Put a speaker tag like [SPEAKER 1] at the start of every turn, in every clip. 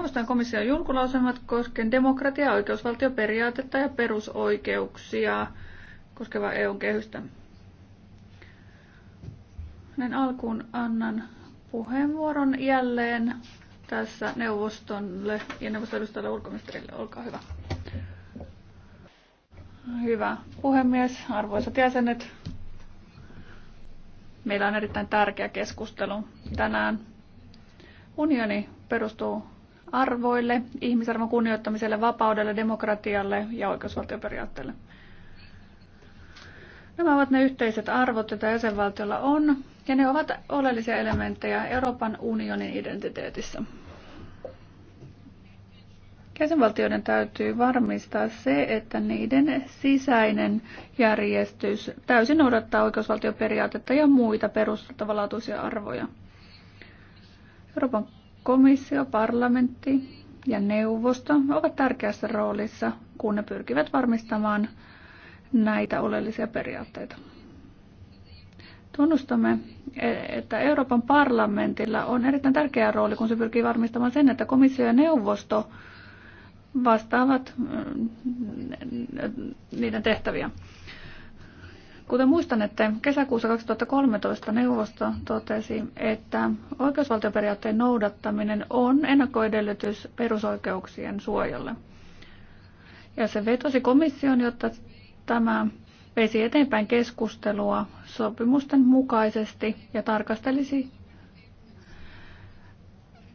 [SPEAKER 1] Neuvoston komission julkulausumat demokratia- ja oikeusvaltioperiaatetta ja perusoikeuksia koskevaa EUn kehystä. Näin alkuun annan puheenvuoron jälleen tässä neuvostolle ja neuvoston edustajalle ulkoministerille. Olkaa hyvä. Hyvä puhemies, arvoisat jäsenet. Meillä on erittäin tärkeä keskustelu tänään. Unioni perustuu arvoille, ihmisarvon kunnioittamiselle, vapaudelle, demokratialle ja oikeusvaltioperiaatteelle. Nämä ovat ne yhteiset arvot, joita jäsenvaltiolla on, ja ne ovat oleellisia elementtejä Euroopan unionin identiteetissä. Jäsenvaltioiden täytyy varmistaa se, että niiden sisäinen järjestys täysin noudattaa oikeusvaltioperiaatetta ja muita perustavanlaatuisia arvoja. Euroopan Komissio, parlamentti ja neuvosto ovat tärkeässä roolissa, kun ne pyrkivät varmistamaan näitä oleellisia periaatteita. Tunnustamme, että Euroopan parlamentilla on erittäin tärkeä rooli, kun se pyrkii varmistamaan sen, että komissio ja neuvosto vastaavat mm, niiden tehtäviä. Kuten muistan, että kesäkuussa 2013 neuvosto totesi, että oikeusvaltioperiaatteen noudattaminen on ennakkoedellytys perusoikeuksien suojalle. Ja se vetosi komission, jotta tämä veisi eteenpäin keskustelua sopimusten mukaisesti ja tarkastelisi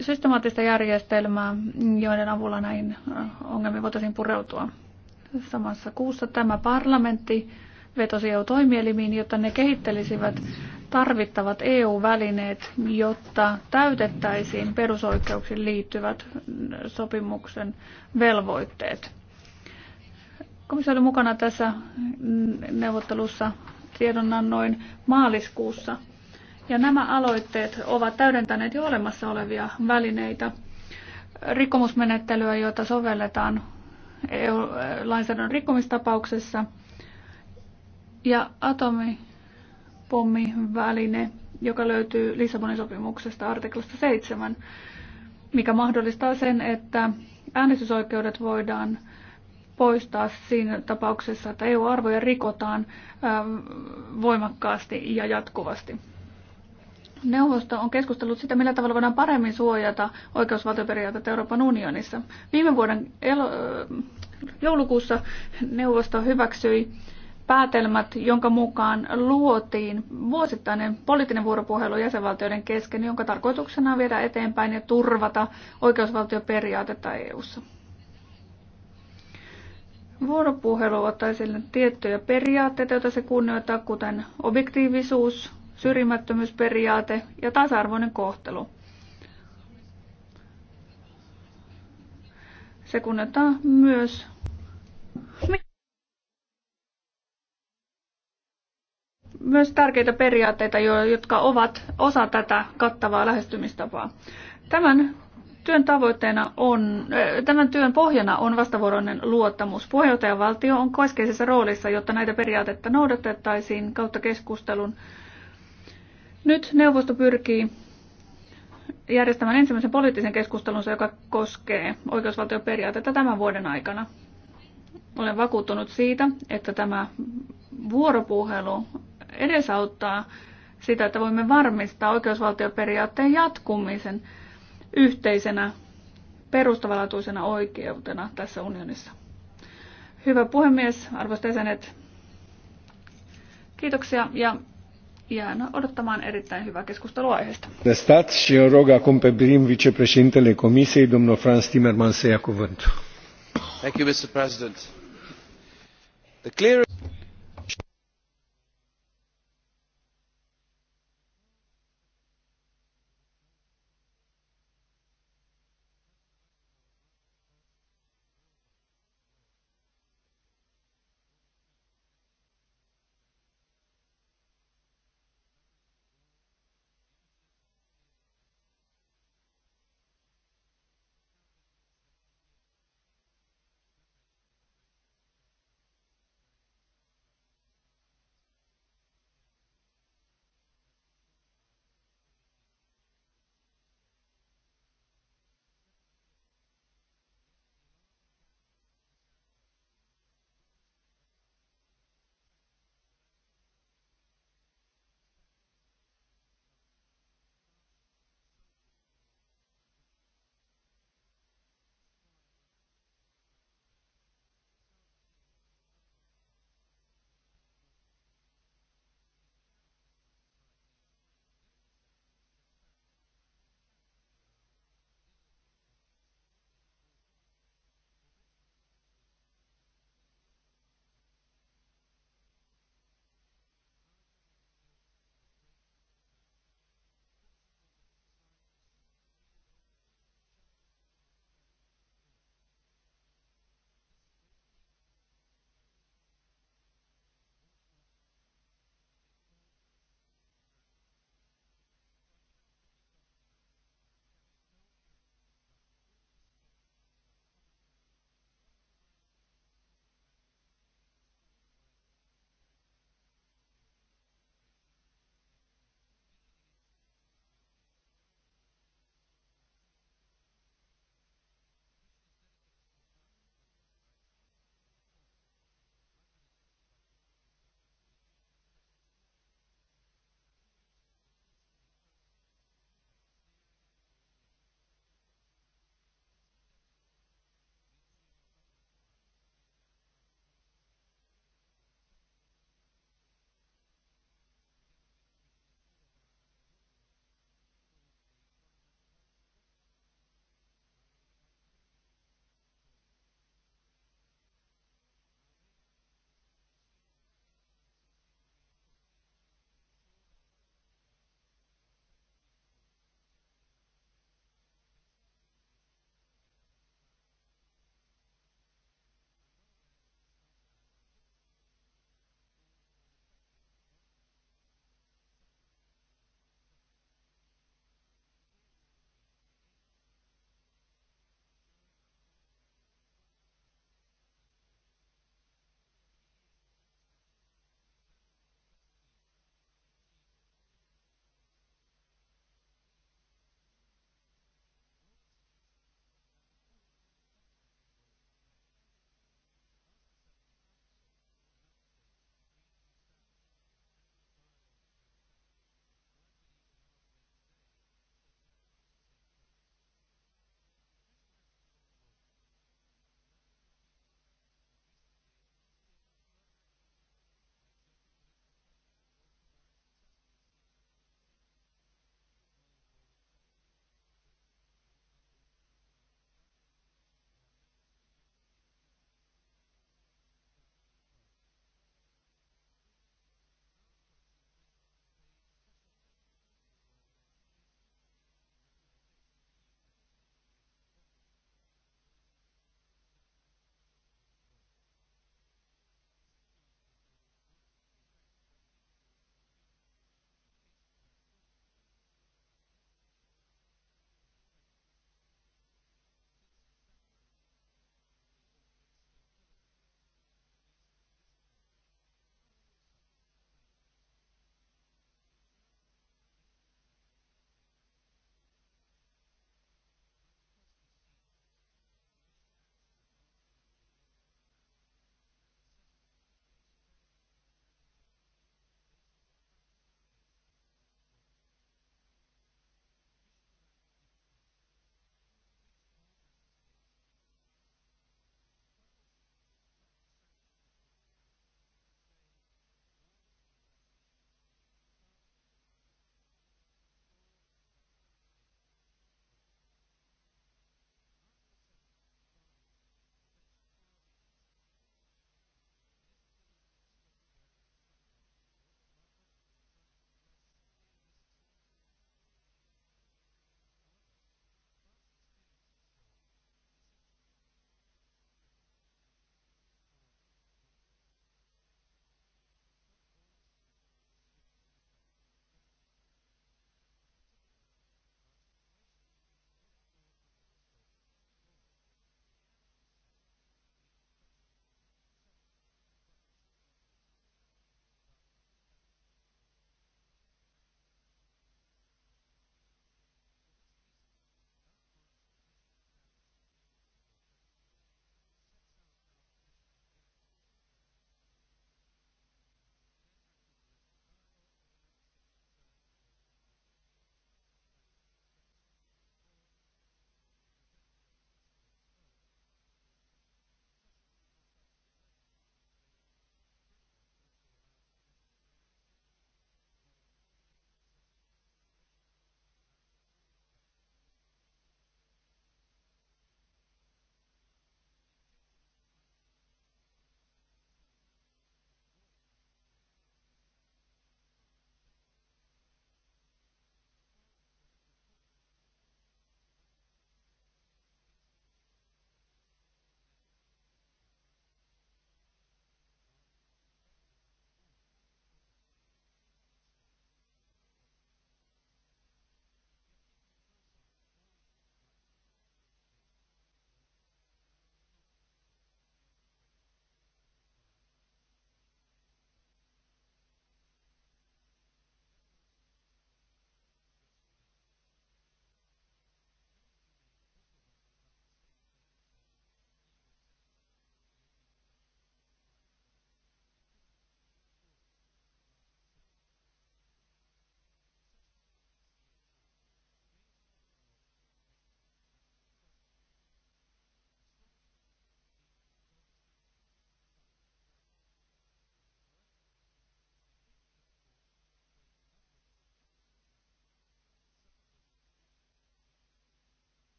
[SPEAKER 1] systemaattista järjestelmää, joiden avulla näihin ongelmiin voitaisiin pureutua. Samassa kuussa tämä parlamentti vetosi EU-toimielimiin, jotta ne kehittelisivät tarvittavat EU-välineet, jotta täytettäisiin perusoikeuksiin liittyvät sopimuksen velvoitteet. Komissio oli mukana tässä neuvottelussa tiedonannoin maaliskuussa. Ja nämä aloitteet ovat täydentäneet jo olemassa olevia välineitä, rikkomusmenettelyä, jota sovelletaan EU-lainsäädännön rikkomistapauksessa – ja atomipommiväline, joka löytyy Lissabonin sopimuksesta artiklasta 7, mikä mahdollistaa sen, että äänestysoikeudet voidaan poistaa siinä tapauksessa, että EU-arvoja rikotaan voimakkaasti ja jatkuvasti. Neuvosto on keskustellut sitä, millä tavalla voidaan paremmin suojata oikeusvaltioperiaatetta Euroopan unionissa. Viime vuoden joulukuussa neuvosto hyväksyi päätelmät, jonka mukaan luotiin vuosittainen poliittinen vuoropuhelu jäsenvaltioiden kesken, jonka tarkoituksena on viedä eteenpäin ja turvata oikeusvaltioperiaatetta EU:ssa. Vuoropuhelu ottaa esille tiettyjä periaatteita, joita se kunnioittaa, kuten objektiivisuus, syrjimättömyysperiaate ja tasa-arvoinen kohtelu. Se kunnioittaa myös myös tärkeitä periaatteita, jotka ovat osa tätä kattavaa lähestymistapaa. Tämän työn tavoitteena on, äh, tämän työn pohjana on vastavuoroinen luottamus. Puheenjohtajavaltio on keskeisessä roolissa, jotta näitä periaatteita noudatettaisiin kautta keskustelun. Nyt neuvosto pyrkii järjestämään ensimmäisen poliittisen keskustelunsa, joka koskee oikeusvaltioperiaatetta tämän vuoden aikana. Olen vakuuttunut siitä, että tämä vuoropuhelu edesauttaa sitä, että voimme varmistaa oikeusvaltioperiaatteen jatkumisen yhteisenä perustavanlaatuisena oikeutena tässä unionissa. Hyvä puhemies, arvoisat jäsenet, kiitoksia ja jään odottamaan erittäin hyvää keskustelua aiheesta. Stat și rog acum pe prim vicepreședintele Comisiei, domnul Franz Timmermans, să ia cuvântul.
[SPEAKER 2] Thank you, Mr. President. The
[SPEAKER 3] clear...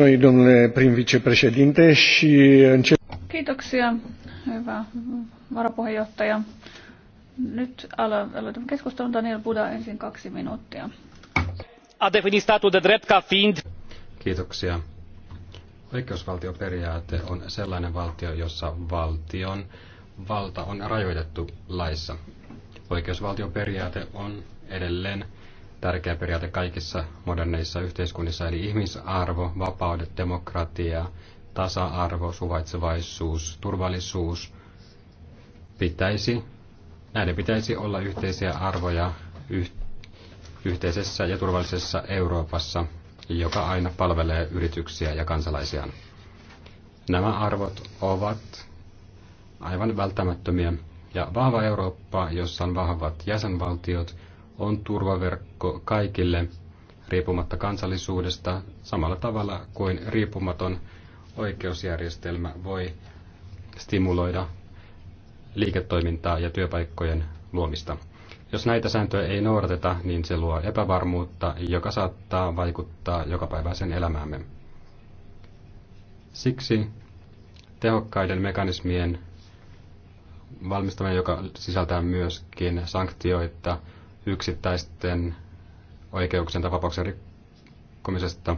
[SPEAKER 1] Noi, domnule prim vicepreședinte, și încep... Kiitoksia, hyvä varapuheenjohtaja. Nyt aloitamme keskustelun. Daniel Buda ensin kaksi minuuttia.
[SPEAKER 3] A definit statul de drept ca fiind... Kiitoksia. Oikeusvaltioperiaate on sellainen valtio, jossa valtion valta on rajoitettu laissa. Oikeusvaltioperiaate on edelleen tärkeä periaate kaikissa moderneissa yhteiskunnissa, eli ihmisarvo, vapaudet, demokratia, tasa-arvo, suvaitsevaisuus, turvallisuus pitäisi, näiden pitäisi olla yhteisiä arvoja yh, yhteisessä ja turvallisessa Euroopassa, joka aina palvelee yrityksiä ja kansalaisiaan. Nämä arvot ovat aivan välttämättömiä ja vahva Eurooppa, jossa on vahvat jäsenvaltiot – on turvaverkko kaikille riippumatta kansallisuudesta samalla tavalla kuin riippumaton oikeusjärjestelmä voi stimuloida liiketoimintaa ja työpaikkojen luomista. Jos näitä sääntöjä ei noudateta, niin se luo epävarmuutta, joka saattaa vaikuttaa jokapäiväisen elämäämme. Siksi tehokkaiden mekanismien valmistaminen, joka sisältää myöskin sanktioita yksittäisten oikeuksien tai vapauksien rikkomisesta,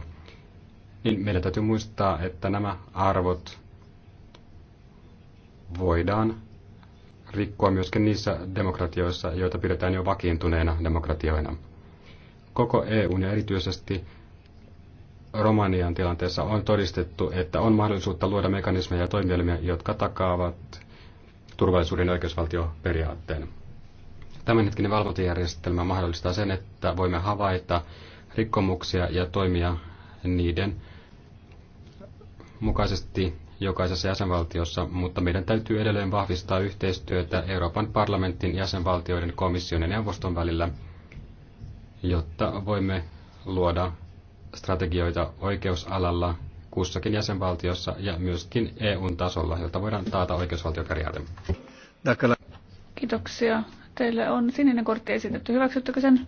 [SPEAKER 3] niin meidän täytyy muistaa, että nämä arvot voidaan rikkoa myöskin niissä demokratioissa, joita pidetään jo vakiintuneena demokratioina. Koko EUn ja erityisesti Romanian tilanteessa on todistettu, että on mahdollisuutta luoda mekanismeja ja toimielmiä, jotka takaavat turvallisuuden ja oikeusvaltioperiaatteen. Tämänhetkinen valvontajärjestelmä mahdollistaa sen, että voimme havaita rikkomuksia ja toimia niiden mukaisesti jokaisessa jäsenvaltiossa, mutta meidän täytyy edelleen vahvistaa yhteistyötä Euroopan parlamentin, jäsenvaltioiden, komission ja neuvoston välillä, jotta voimme luoda strategioita oikeusalalla kussakin jäsenvaltiossa ja myöskin eu tasolla, jotta voidaan taata oikeusvaltioperiaate.
[SPEAKER 1] Kiitoksia. Teille on sininen kortti esitetty. Hyväksyttekö sen?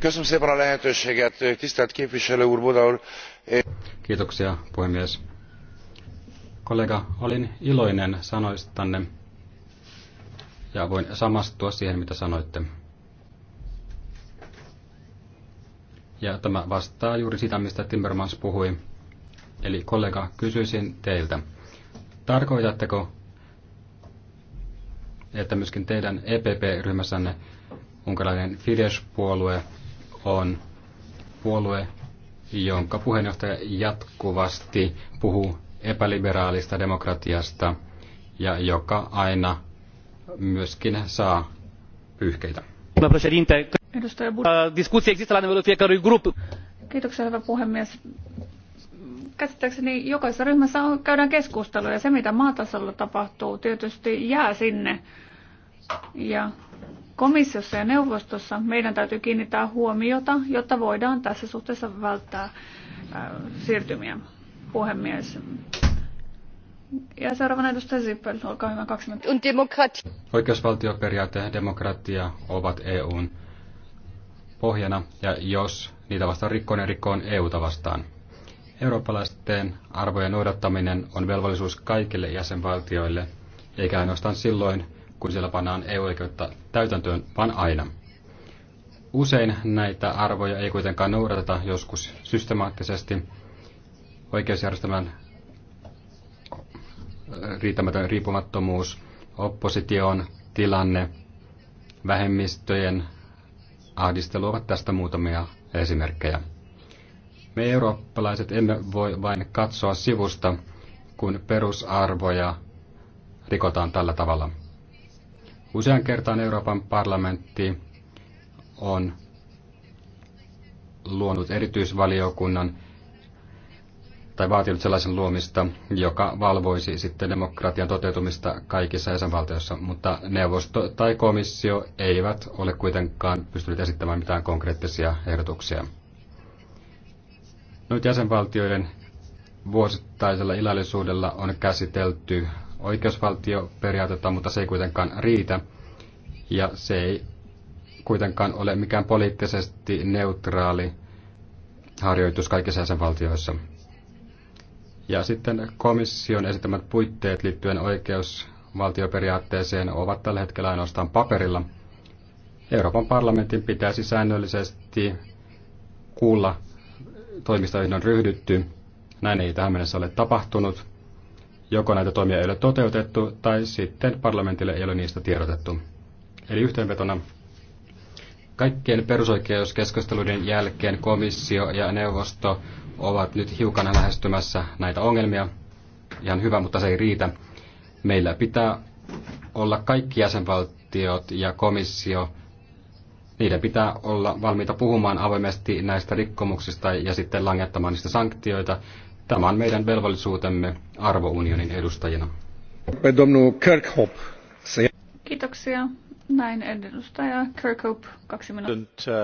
[SPEAKER 3] Köszönöm szépen a lehetőséget, tisztelt képviselő úr, Buda úr. Kiitoksia, puhemies. Kollega, olin iloinen sanoistanne ja voin samastua siihen, mitä sanoitte. Ja tämä vastaa juuri sitä, mistä Timmermans puhui. Eli kollega, kysyisin teiltä. Tarkoitatteko että myöskin teidän EPP-ryhmässänne unkarilainen Fidesz-puolue on puolue, jonka puheenjohtaja jatkuvasti puhuu epäliberaalista demokratiasta ja joka aina myöskin saa pyyhkeitä. Edustaja Bud- uh,
[SPEAKER 1] Kiitoksia, hyvä puhemies käsittääkseni jokaisessa ryhmässä on, käydään keskustelua ja se, mitä maatasolla tapahtuu, tietysti jää sinne. Ja komissiossa ja neuvostossa meidän täytyy kiinnittää huomiota, jotta voidaan tässä suhteessa välttää siirtymiä. Puhemies. Ja seuraavana edustaja Zippel, olkaa hyvä, kaksi minuuttia.
[SPEAKER 3] Oikeusvaltioperiaate ja demokratia ovat EUn pohjana, ja jos niitä vastaan rikkoo, ne rikkoon EUta vastaan. Eurooppalaisten arvojen noudattaminen on velvollisuus kaikille jäsenvaltioille, eikä ainoastaan silloin, kun siellä pannaan EU-oikeutta täytäntöön, vaan aina. Usein näitä arvoja ei kuitenkaan noudateta joskus systemaattisesti. Oikeusjärjestelmän riittämätön riippumattomuus, opposition tilanne, vähemmistöjen ahdistelu ovat tästä muutamia esimerkkejä. Me eurooppalaiset emme voi vain katsoa sivusta, kun perusarvoja rikotaan tällä tavalla. Usean kertaan Euroopan parlamentti on luonut erityisvaliokunnan tai vaatinut sellaisen luomista, joka valvoisi sitten demokratian toteutumista kaikissa jäsenvaltioissa, mutta neuvosto tai komissio eivät ole kuitenkaan pystyneet esittämään mitään konkreettisia ehdotuksia. Nyt jäsenvaltioiden vuosittaisella ilallisuudella on käsitelty oikeusvaltioperiaatetta, mutta se ei kuitenkaan riitä. Ja se ei kuitenkaan ole mikään poliittisesti neutraali harjoitus kaikissa jäsenvaltioissa. Ja sitten komission esittämät puitteet liittyen oikeusvaltioperiaatteeseen ovat tällä hetkellä ainoastaan paperilla. Euroopan parlamentin pitäisi säännöllisesti kuulla toimista, joihin on ryhdytty. Näin ei tähän mennessä ole tapahtunut. Joko näitä toimia ei ole toteutettu, tai sitten parlamentille ei ole niistä tiedotettu. Eli yhteenvetona kaikkien perusoikeuskeskusteluiden jälkeen komissio ja neuvosto ovat nyt hiukan lähestymässä näitä ongelmia. Ihan hyvä, mutta se ei riitä. Meillä pitää olla kaikki jäsenvaltiot ja komissio niiden pitää olla valmiita puhumaan avoimesti näistä rikkomuksista ja sitten langettamaan niistä sanktioita. Tämä on meidän velvollisuutemme arvounionin edustajina.
[SPEAKER 1] Kiitoksia. Näin edustaja Kirkhope, kaksi
[SPEAKER 2] minuuttia.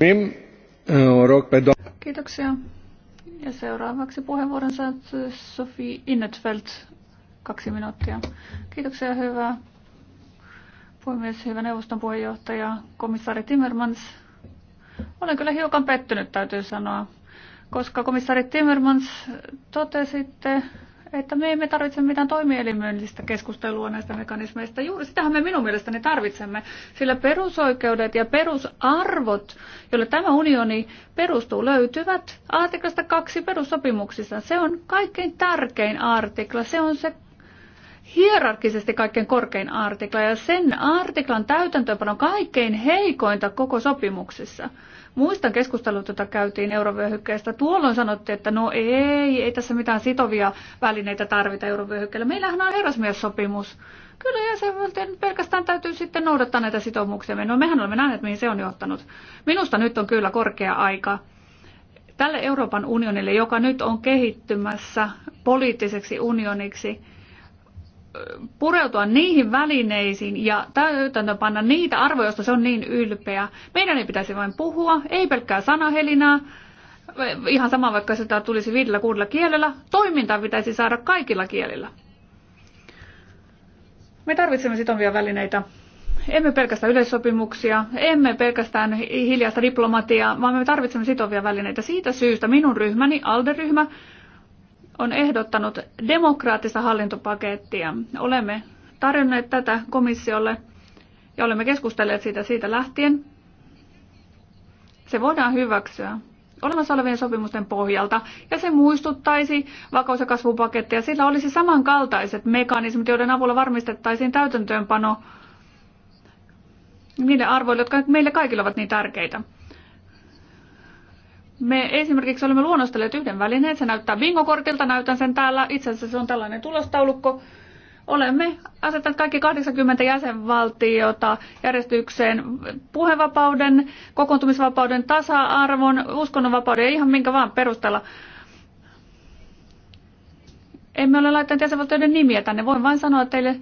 [SPEAKER 3] Eh,
[SPEAKER 1] Kiitoksia. Ja seuraavaksi puheenvuoron saa eh, Sofi Innetfeldt, kaksi minuuttia. Kiitoksia, hyvä puhemies, hyvä neuvoston puheenjohtaja, komissaari Timmermans. Olen kyllä hiukan pettynyt, täytyy sanoa, koska komissaari Timmermans eh, totesitte, että me emme tarvitse mitään toimielimellistä keskustelua näistä mekanismeista. Juuri sitähän me minun mielestäni tarvitsemme, sillä perusoikeudet ja perusarvot, joille tämä unioni perustuu, löytyvät artiklasta kaksi perussopimuksissa. Se on kaikkein tärkein artikla, se on se hierarkisesti kaikkein korkein artikla ja sen artiklan täytäntöönpano kaikkein heikointa koko sopimuksessa. Muistan keskustelut, jota käytiin eurovyöhykkeestä. Tuolloin sanottiin, että no ei, ei tässä mitään sitovia välineitä tarvita eurovyöhykkeelle. Meillähän on herrasmies-sopimus. Kyllä jäsenvaltion pelkästään täytyy sitten noudattaa näitä sitoumuksia. No mehän olemme nähneet, mihin se on johtanut. Minusta nyt on kyllä korkea aika tälle Euroopan unionille, joka nyt on kehittymässä poliittiseksi unioniksi, pureutua niihin välineisiin ja täytäntöönpanna niitä arvoja, joista se on niin ylpeä. Meidän ei pitäisi vain puhua, ei pelkkää sanahelinää, ihan sama vaikka sitä tulisi viidellä kuudella kielellä, toiminta pitäisi saada kaikilla kielillä. Me tarvitsemme sitovia välineitä. Emme pelkästään yleissopimuksia, emme pelkästään hiljaista diplomatiaa, vaan me tarvitsemme sitovia välineitä. Siitä syystä minun ryhmäni, ALDE-ryhmä, on ehdottanut demokraattista hallintopakettia. Olemme tarjonneet tätä komissiolle ja olemme keskustelleet siitä siitä lähtien. Se voidaan hyväksyä olemassa olevien sopimusten pohjalta ja se muistuttaisi vakaus- ja kasvupakettia. Sillä olisi samankaltaiset mekanismit, joiden avulla varmistettaisiin täytäntöönpano niille arvoille, jotka meille kaikille ovat niin tärkeitä. Me esimerkiksi olemme luonnostelleet yhden välineen, se näyttää bingokortilta, näytän sen täällä, itse asiassa se on tällainen tulostaulukko. Olemme asettaneet kaikki 80 jäsenvaltiota järjestykseen puhevapauden, kokoontumisvapauden, tasa-arvon, uskonnonvapauden ja ihan minkä vaan perusteella. Emme ole laittaneet jäsenvaltioiden nimiä tänne, voin vain sanoa teille,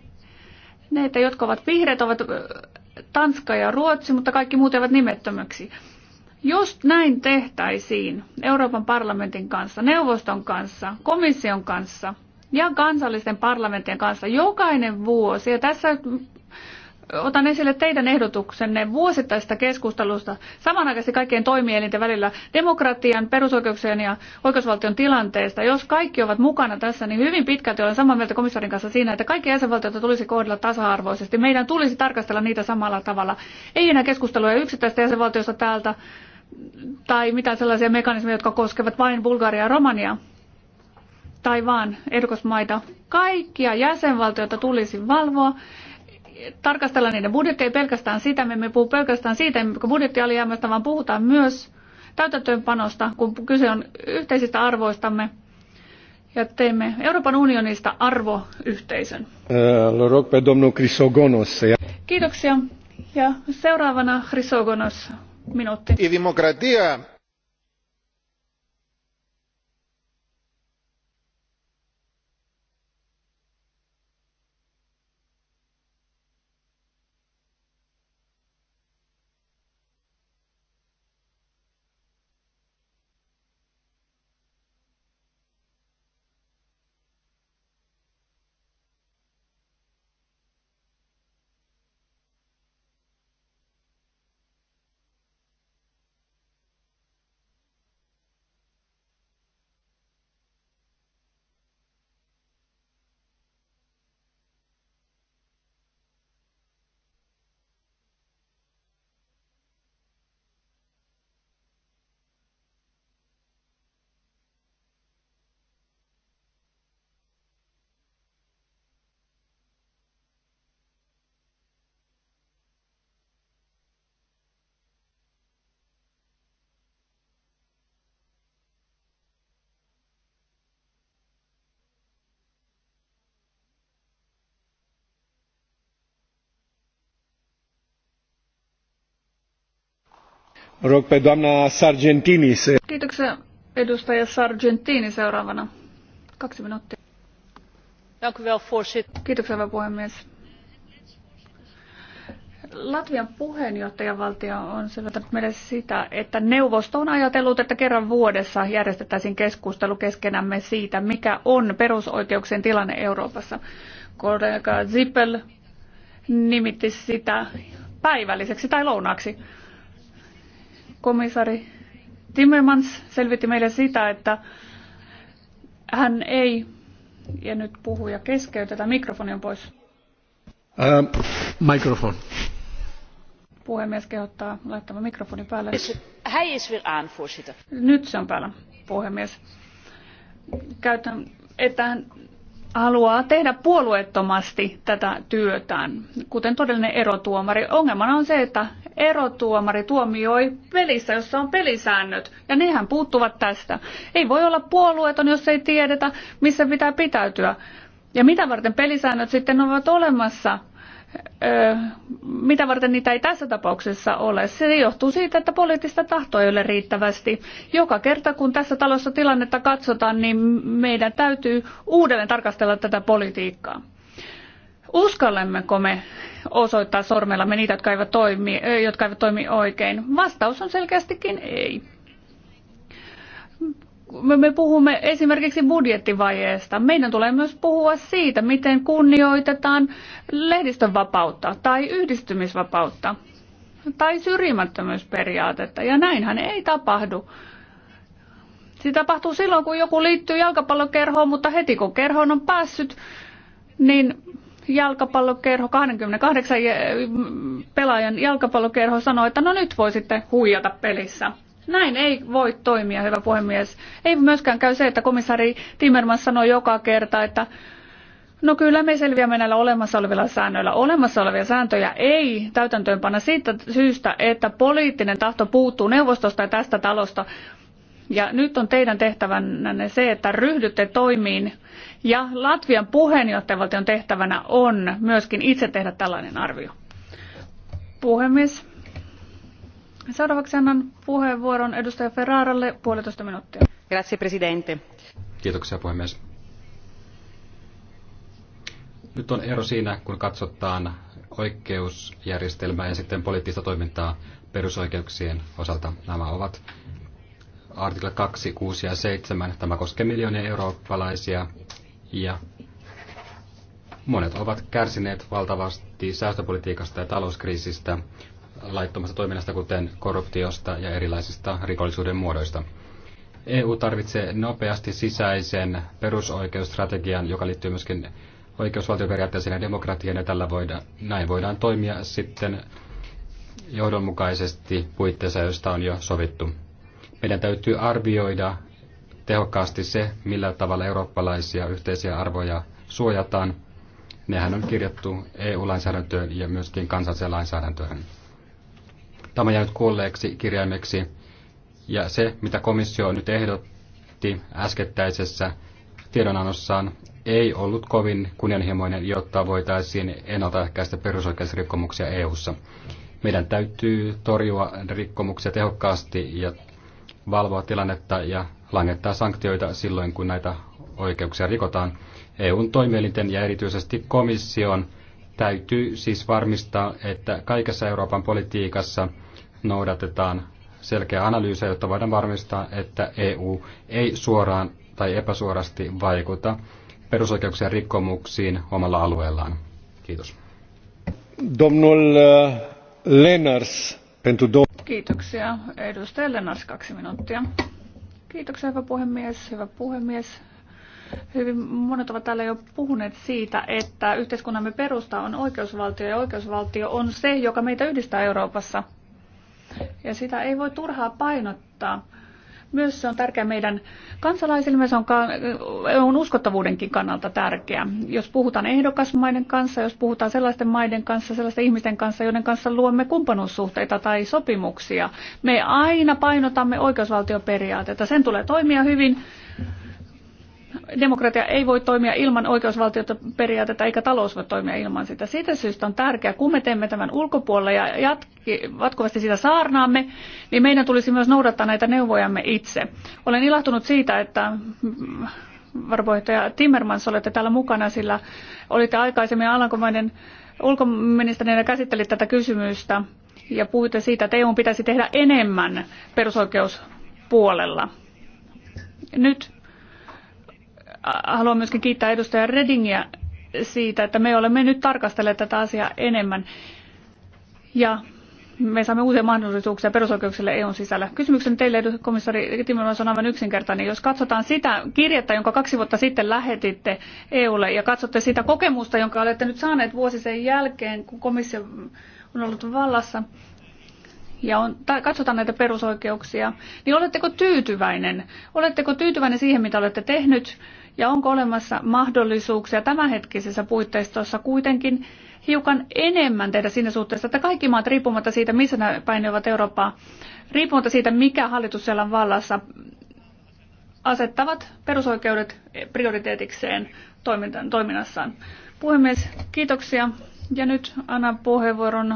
[SPEAKER 1] neitä jotka ovat vihreät ovat Tanska ja Ruotsi, mutta kaikki muut eivät nimettömäksi. Jos näin tehtäisiin Euroopan parlamentin kanssa, neuvoston kanssa, komission kanssa ja kansallisten parlamenttien kanssa jokainen vuosi, ja tässä otan esille teidän ehdotuksenne vuosittaista keskustelusta samanaikaisesti kaikkien toimielinten välillä demokratian, perusoikeuksien ja oikeusvaltion tilanteesta. Jos kaikki ovat mukana tässä, niin hyvin pitkälti olen samaa mieltä komissarin kanssa siinä, että kaikki jäsenvaltioita tulisi kohdella tasa-arvoisesti. Meidän tulisi tarkastella niitä samalla tavalla. Ei enää keskustelua yksittäistä jäsenvaltiosta täältä tai mitään sellaisia mekanismeja, jotka koskevat vain Bulgaria ja Romania tai vaan ehdokasmaita. Kaikkia jäsenvaltioita tulisi valvoa, tarkastella niiden budjettia, ei pelkästään sitä, me emme puhu pelkästään siitä, mikä budjetti alijäämästä, vaan puhutaan myös täytäntöönpanosta, kun kyse on yhteisistä arvoistamme ja teemme Euroopan unionista arvoyhteisön. Äh, Kiitoksia. Ja seuraavana Chrysogonos minuutti. Rog pe doamna Sargentini. Se... Kiitoksia edustaja Sargentini seuraavana. Kaksi minuuttia. Kiitoksia hyvä puhemies. Latvian puheenjohtajavaltio on selvittänyt meille sitä, että neuvosto on ajatellut, että kerran vuodessa järjestettäisiin keskustelu keskenämme siitä, mikä on perusoikeuksien tilanne Euroopassa. Kollega Zippel nimitti sitä päivälliseksi tai lounaksi komissaari Timmermans selvitti meille sitä, että hän ei, ja nyt puhuja keskeytetään, mikrofoni on pois.
[SPEAKER 4] Ähm, mikrofon.
[SPEAKER 1] Puhemies kehottaa laittamaan mikrofoni päälle. Nyt se on päällä, puhemies. Käytän, että hän haluaa tehdä puolueettomasti tätä työtään, kuten todellinen erotuomari. Ongelmana on se, että erotuomari tuomioi pelissä, jossa on pelisäännöt, ja nehän puuttuvat tästä. Ei voi olla puolueeton, jos ei tiedetä, missä pitää pitäytyä. Ja mitä varten pelisäännöt sitten ovat olemassa? mitä varten niitä ei tässä tapauksessa ole. Se johtuu siitä, että poliittista tahtoa ei ole riittävästi. Joka kerta, kun tässä talossa tilannetta katsotaan, niin meidän täytyy uudelleen tarkastella tätä politiikkaa. Uskallemmeko me osoittaa sormellamme niitä, jotka eivät toimi, jotka eivät toimi oikein? Vastaus on selkeästikin ei me puhumme esimerkiksi budjettivajeesta, meidän tulee myös puhua siitä, miten kunnioitetaan lehdistön vapautta tai yhdistymisvapautta tai syrjimättömyysperiaatetta. Ja näinhän ei tapahdu. Se tapahtuu silloin, kun joku liittyy jalkapallokerhoon, mutta heti kun kerhoon on päässyt, niin jalkapallokerho, 28 pelaajan jalkapallokerho sanoo, että no nyt voi sitten huijata pelissä. Näin ei voi toimia, hyvä puhemies. Ei myöskään käy se, että komissaari Timmermans sanoo joka kerta, että No kyllä me selviämme näillä olemassa olevilla säännöillä. Olemassa olevia sääntöjä ei täytäntöönpana siitä syystä, että poliittinen tahto puuttuu neuvostosta ja tästä talosta. Ja nyt on teidän tehtävänne se, että ryhdytte toimiin. Ja Latvian puheenjohtajavaltion tehtävänä on myöskin itse tehdä tällainen arvio. Puhemies. Seuraavaksi annan puheenvuoron edustaja Ferraralle puolitoista minuuttia. Grazie, presidente.
[SPEAKER 3] Kiitoksia, puhemies. Nyt on ero siinä, kun katsotaan oikeusjärjestelmää ja sitten poliittista toimintaa perusoikeuksien osalta. Nämä ovat artikla 2, 6 ja 7. Tämä koskee miljoonia eurooppalaisia ja monet ovat kärsineet valtavasti säästöpolitiikasta ja talouskriisistä, laittomasta toiminnasta, kuten korruptiosta ja erilaisista rikollisuuden muodoista. EU tarvitsee nopeasti sisäisen perusoikeusstrategian, joka liittyy myöskin oikeusvaltioperiaatteeseen ja demokratiaan, ja tällä voida, näin voidaan toimia sitten johdonmukaisesti puitteissa, joista on jo sovittu. Meidän täytyy arvioida tehokkaasti se, millä tavalla eurooppalaisia yhteisiä arvoja suojataan. Nehän on kirjattu EU-lainsäädäntöön ja myöskin kansalliseen lainsäädäntöön. Tämä jäänyt kuolleeksi kirjaimeksi. Ja se, mitä komissio nyt ehdotti äskettäisessä tiedonannossaan, ei ollut kovin kunnianhimoinen, jotta voitaisiin ennaltaehkäistä perusoikeusrikkomuksia EU:ssa. Meidän täytyy torjua rikkomuksia tehokkaasti ja valvoa tilannetta ja langettaa sanktioita silloin, kun näitä oikeuksia rikotaan. EUn toimielinten ja erityisesti komission täytyy siis varmistaa, että kaikessa Euroopan politiikassa – noudatetaan selkeä analyysiä, jotta voidaan varmistaa, että EU ei suoraan tai epäsuorasti vaikuta perusoikeuksien rikkomuksiin omalla alueellaan. Kiitos. Domnul eh,
[SPEAKER 1] Lenars, pentru do- Kiitoksia. Edustaja Lenars, kaksi minuuttia. Kiitoksia, hyvä puhemies. Hyvä puhemies. Hyvin monet ovat täällä jo puhuneet siitä, että yhteiskunnamme perusta on oikeusvaltio ja oikeusvaltio on se, joka meitä yhdistää Euroopassa – ja sitä ei voi turhaa painottaa. Myös se on tärkeä meidän kansalaisillemme, se on, on uskottavuudenkin kannalta tärkeä. Jos puhutaan ehdokasmaiden kanssa, jos puhutaan sellaisten maiden kanssa, sellaisten ihmisten kanssa, joiden kanssa luomme kumppanuussuhteita tai sopimuksia, me aina painotamme oikeusvaltioperiaatetta. Sen tulee toimia hyvin demokratia ei voi toimia ilman oikeusvaltiota periaatetta, eikä talous voi toimia ilman sitä. Siitä syystä on tärkeää, kun me teemme tämän ulkopuolella ja jatkuvasti sitä saarnaamme, niin meidän tulisi myös noudattaa näitä neuvojamme itse. Olen ilahtunut siitä, että varapuheenjohtaja mm, Timmermans olette täällä mukana, sillä olitte aikaisemmin Alankomainen ulkoministerinä käsitteli tätä kysymystä ja puhuitte siitä, että EU pitäisi tehdä enemmän perusoikeuspuolella. Nyt haluan myöskin kiittää edustaja Redingiä siitä, että me olemme nyt tarkastelleet tätä asiaa enemmän. Ja me saamme uusia mahdollisuuksia perusoikeuksille EUn sisällä. Kysymyksen teille, komissari Timmermans, on aivan yksinkertainen. Jos katsotaan sitä kirjettä, jonka kaksi vuotta sitten lähetitte EUlle, ja katsotte sitä kokemusta, jonka olette nyt saaneet vuosi sen jälkeen, kun komissio on ollut vallassa, ja on, tai katsotaan näitä perusoikeuksia, niin oletteko tyytyväinen? Oletteko tyytyväinen siihen, mitä olette tehnyt? ja onko olemassa mahdollisuuksia tämänhetkisessä puitteistossa kuitenkin hiukan enemmän tehdä siinä suhteessa, että kaikki maat riippumatta siitä, missä päin ne ovat Eurooppaa, riippumatta siitä, mikä hallitus siellä on vallassa, asettavat perusoikeudet prioriteetikseen toiminnassaan. Puhemies, kiitoksia. Ja nyt annan puheenvuoron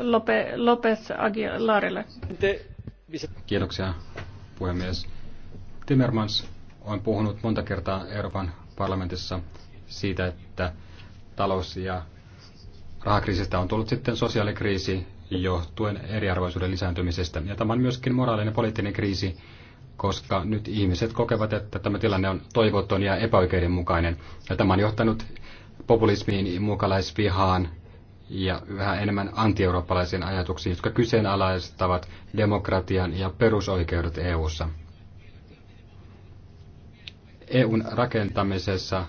[SPEAKER 1] Lope, Lopez Aguilarille.
[SPEAKER 3] Kiitoksia, puhemies. Timmermans, on puhunut monta kertaa Euroopan parlamentissa siitä, että talous- ja rahakriisistä on tullut sitten sosiaalikriisi johtuen eriarvoisuuden lisääntymisestä. Ja tämä on myöskin moraalinen ja poliittinen kriisi, koska nyt ihmiset kokevat, että tämä tilanne on toivoton ja epäoikeudenmukainen. Ja tämä on johtanut populismiin, mukalaisvihaan ja yhä enemmän antieurooppalaisiin ajatuksiin, jotka kyseenalaistavat demokratian ja perusoikeudet EU:ssa. ssa EUn rakentamisessa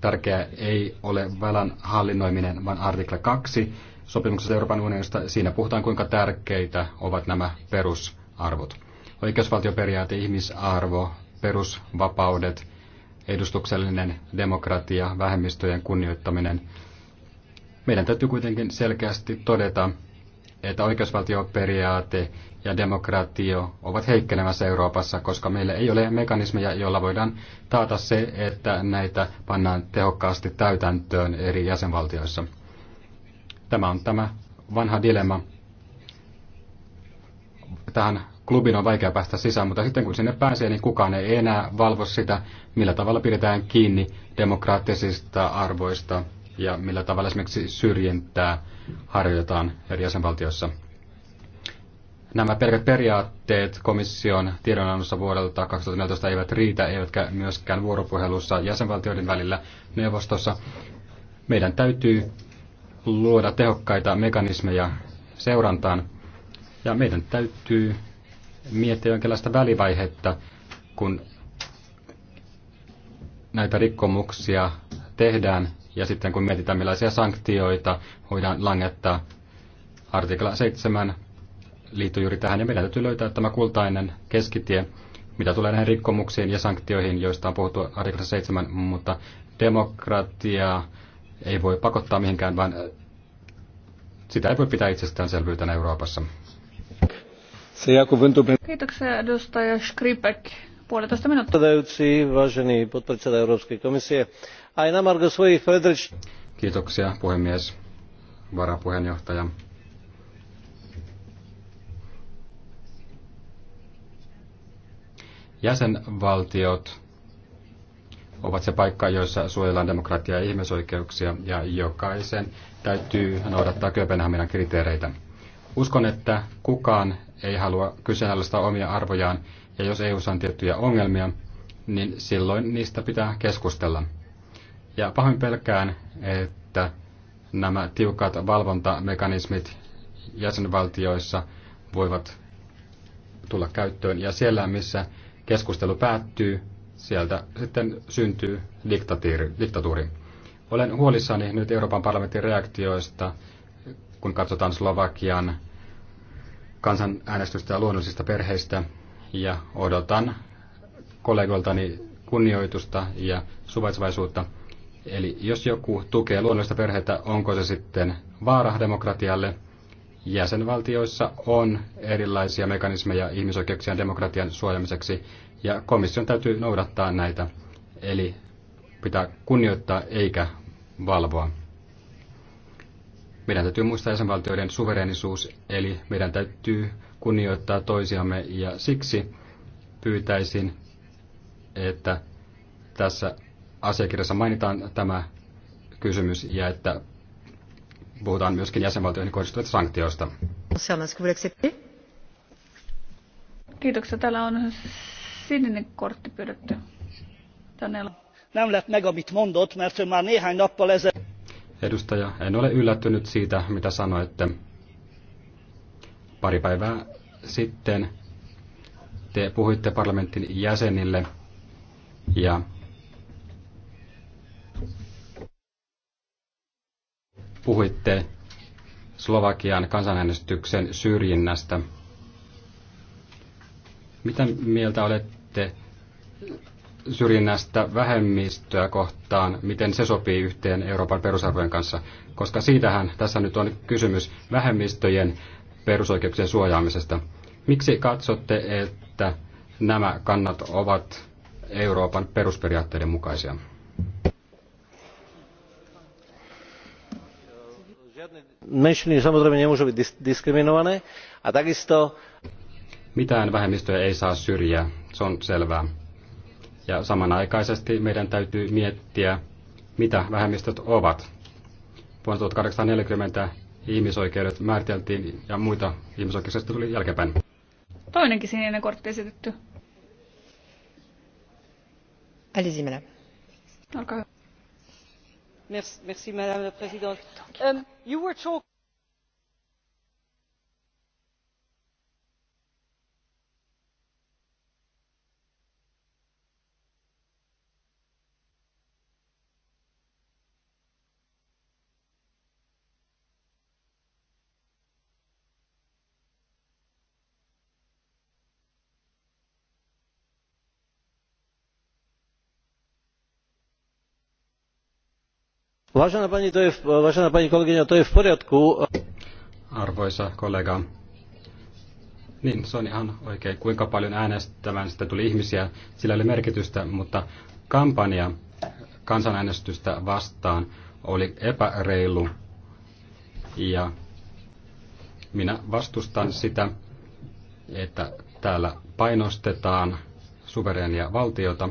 [SPEAKER 3] tärkeää ei ole velan hallinnoiminen, vaan artikla 2 sopimuksessa Euroopan unionista. Siinä puhutaan, kuinka tärkeitä ovat nämä perusarvot. Oikeusvaltioperiaate, ihmisarvo, perusvapaudet, edustuksellinen demokratia, vähemmistöjen kunnioittaminen. Meidän täytyy kuitenkin selkeästi todeta, että oikeusvaltioperiaate ja demokratio ovat heikkenemässä Euroopassa, koska meillä ei ole mekanismeja, joilla voidaan taata se, että näitä pannaan tehokkaasti täytäntöön eri jäsenvaltioissa. Tämä on tämä vanha dilemma. Tähän klubin on vaikea päästä sisään, mutta sitten kun sinne pääsee, niin kukaan ei enää valvo sitä, millä tavalla pidetään kiinni demokraattisista arvoista ja millä tavalla esimerkiksi syrjintää harjoitetaan eri jäsenvaltioissa. Nämä periaatteet komission tiedonannossa vuodelta 2014 eivät riitä, eivätkä myöskään vuoropuhelussa jäsenvaltioiden välillä neuvostossa. Meidän täytyy luoda tehokkaita mekanismeja seurantaan, ja meidän täytyy miettiä jonkinlaista välivaihetta, kun näitä rikkomuksia tehdään ja sitten kun mietitään, millaisia sanktioita voidaan langettaa, artikla 7 liittyy juuri tähän, ja meidän täytyy löytää tämä kultainen keskitie, mitä tulee näihin rikkomuksiin ja sanktioihin, joista on puhuttu artikla 7, mutta demokratia ei voi pakottaa mihinkään, vaan äh, sitä ei voi pitää itsestäänselvyytenä Euroopassa. Se
[SPEAKER 1] Kiitoksia edustaja Skripek. Puolitoista
[SPEAKER 3] minuuttia. Aina Markus Kiitoksia puhemies, varapuheenjohtaja. Jäsenvaltiot ovat se paikka, joissa suojellaan demokratiaa ja ihmisoikeuksia, ja jokaisen täytyy noudattaa Kööpenhaminan kriteereitä. Uskon, että kukaan ei halua kyseenalaistaa omia arvojaan, ja jos EU on tiettyjä ongelmia, niin silloin niistä pitää keskustella. Ja pahoin pelkään, että nämä tiukat valvontamekanismit jäsenvaltioissa voivat tulla käyttöön. Ja siellä, missä keskustelu päättyy, sieltä sitten syntyy diktatuuri. Olen huolissani nyt Euroopan parlamentin reaktioista, kun katsotaan Slovakian kansanäänestystä ja luonnollisista perheistä. Ja odotan kollegoiltani kunnioitusta ja suvaitsevaisuutta. Eli jos joku tukee luonnollista perhettä, onko se sitten vaara demokratialle? Jäsenvaltioissa on erilaisia mekanismeja ihmisoikeuksien ja demokratian suojamiseksi, ja komission täytyy noudattaa näitä. Eli pitää kunnioittaa eikä valvoa. Meidän täytyy muistaa jäsenvaltioiden suverenisuus, eli meidän täytyy kunnioittaa toisiamme, ja siksi pyytäisin, että tässä asiakirjassa mainitaan tämä kysymys ja että puhutaan myöskin jäsenvaltioihin kohdistuvista sanktioista.
[SPEAKER 1] Kiitoksia. Täällä on sininen kortti pyydetty.
[SPEAKER 3] Edustaja, en ole yllättynyt siitä, mitä sanoitte. Pari päivää sitten te puhuitte parlamentin jäsenille ja puhuitte Slovakian kansanäänestyksen syrjinnästä. Mitä mieltä olette syrjinnästä vähemmistöä kohtaan, miten se sopii yhteen Euroopan perusarvojen kanssa? Koska siitähän tässä nyt on kysymys vähemmistöjen perusoikeuksien suojaamisesta. Miksi katsotte, että nämä kannat ovat Euroopan perusperiaatteiden mukaisia? menšiny samozrejme nemôžu byť diskriminované a takisto... Mitään vähemmistöä ei saa syrjiä, se on selvää. Ja samanaikaisesti meidän täytyy miettiä, mitä vähemmistöt ovat. Vuonna 1840 ihmisoikeudet määriteltiin ja muita ihmisoikeuksia tuli jälkeenpäin.
[SPEAKER 1] Toinenkin sininen kortti esitetty. Allez-y, madame. Olkaa hyvä madam president euh, you were talking about the importance
[SPEAKER 3] Vážená pani, to je, vážená kolegyňa, to je v poriadku. Arvoisa kollega, niin se on ihan oikein, kuinka paljon äänestämään sitä tuli ihmisiä, sillä oli merkitystä, mutta kampanja kansanäänestystä vastaan oli epäreilu ja minä vastustan sitä, että täällä painostetaan suverenia valtiota.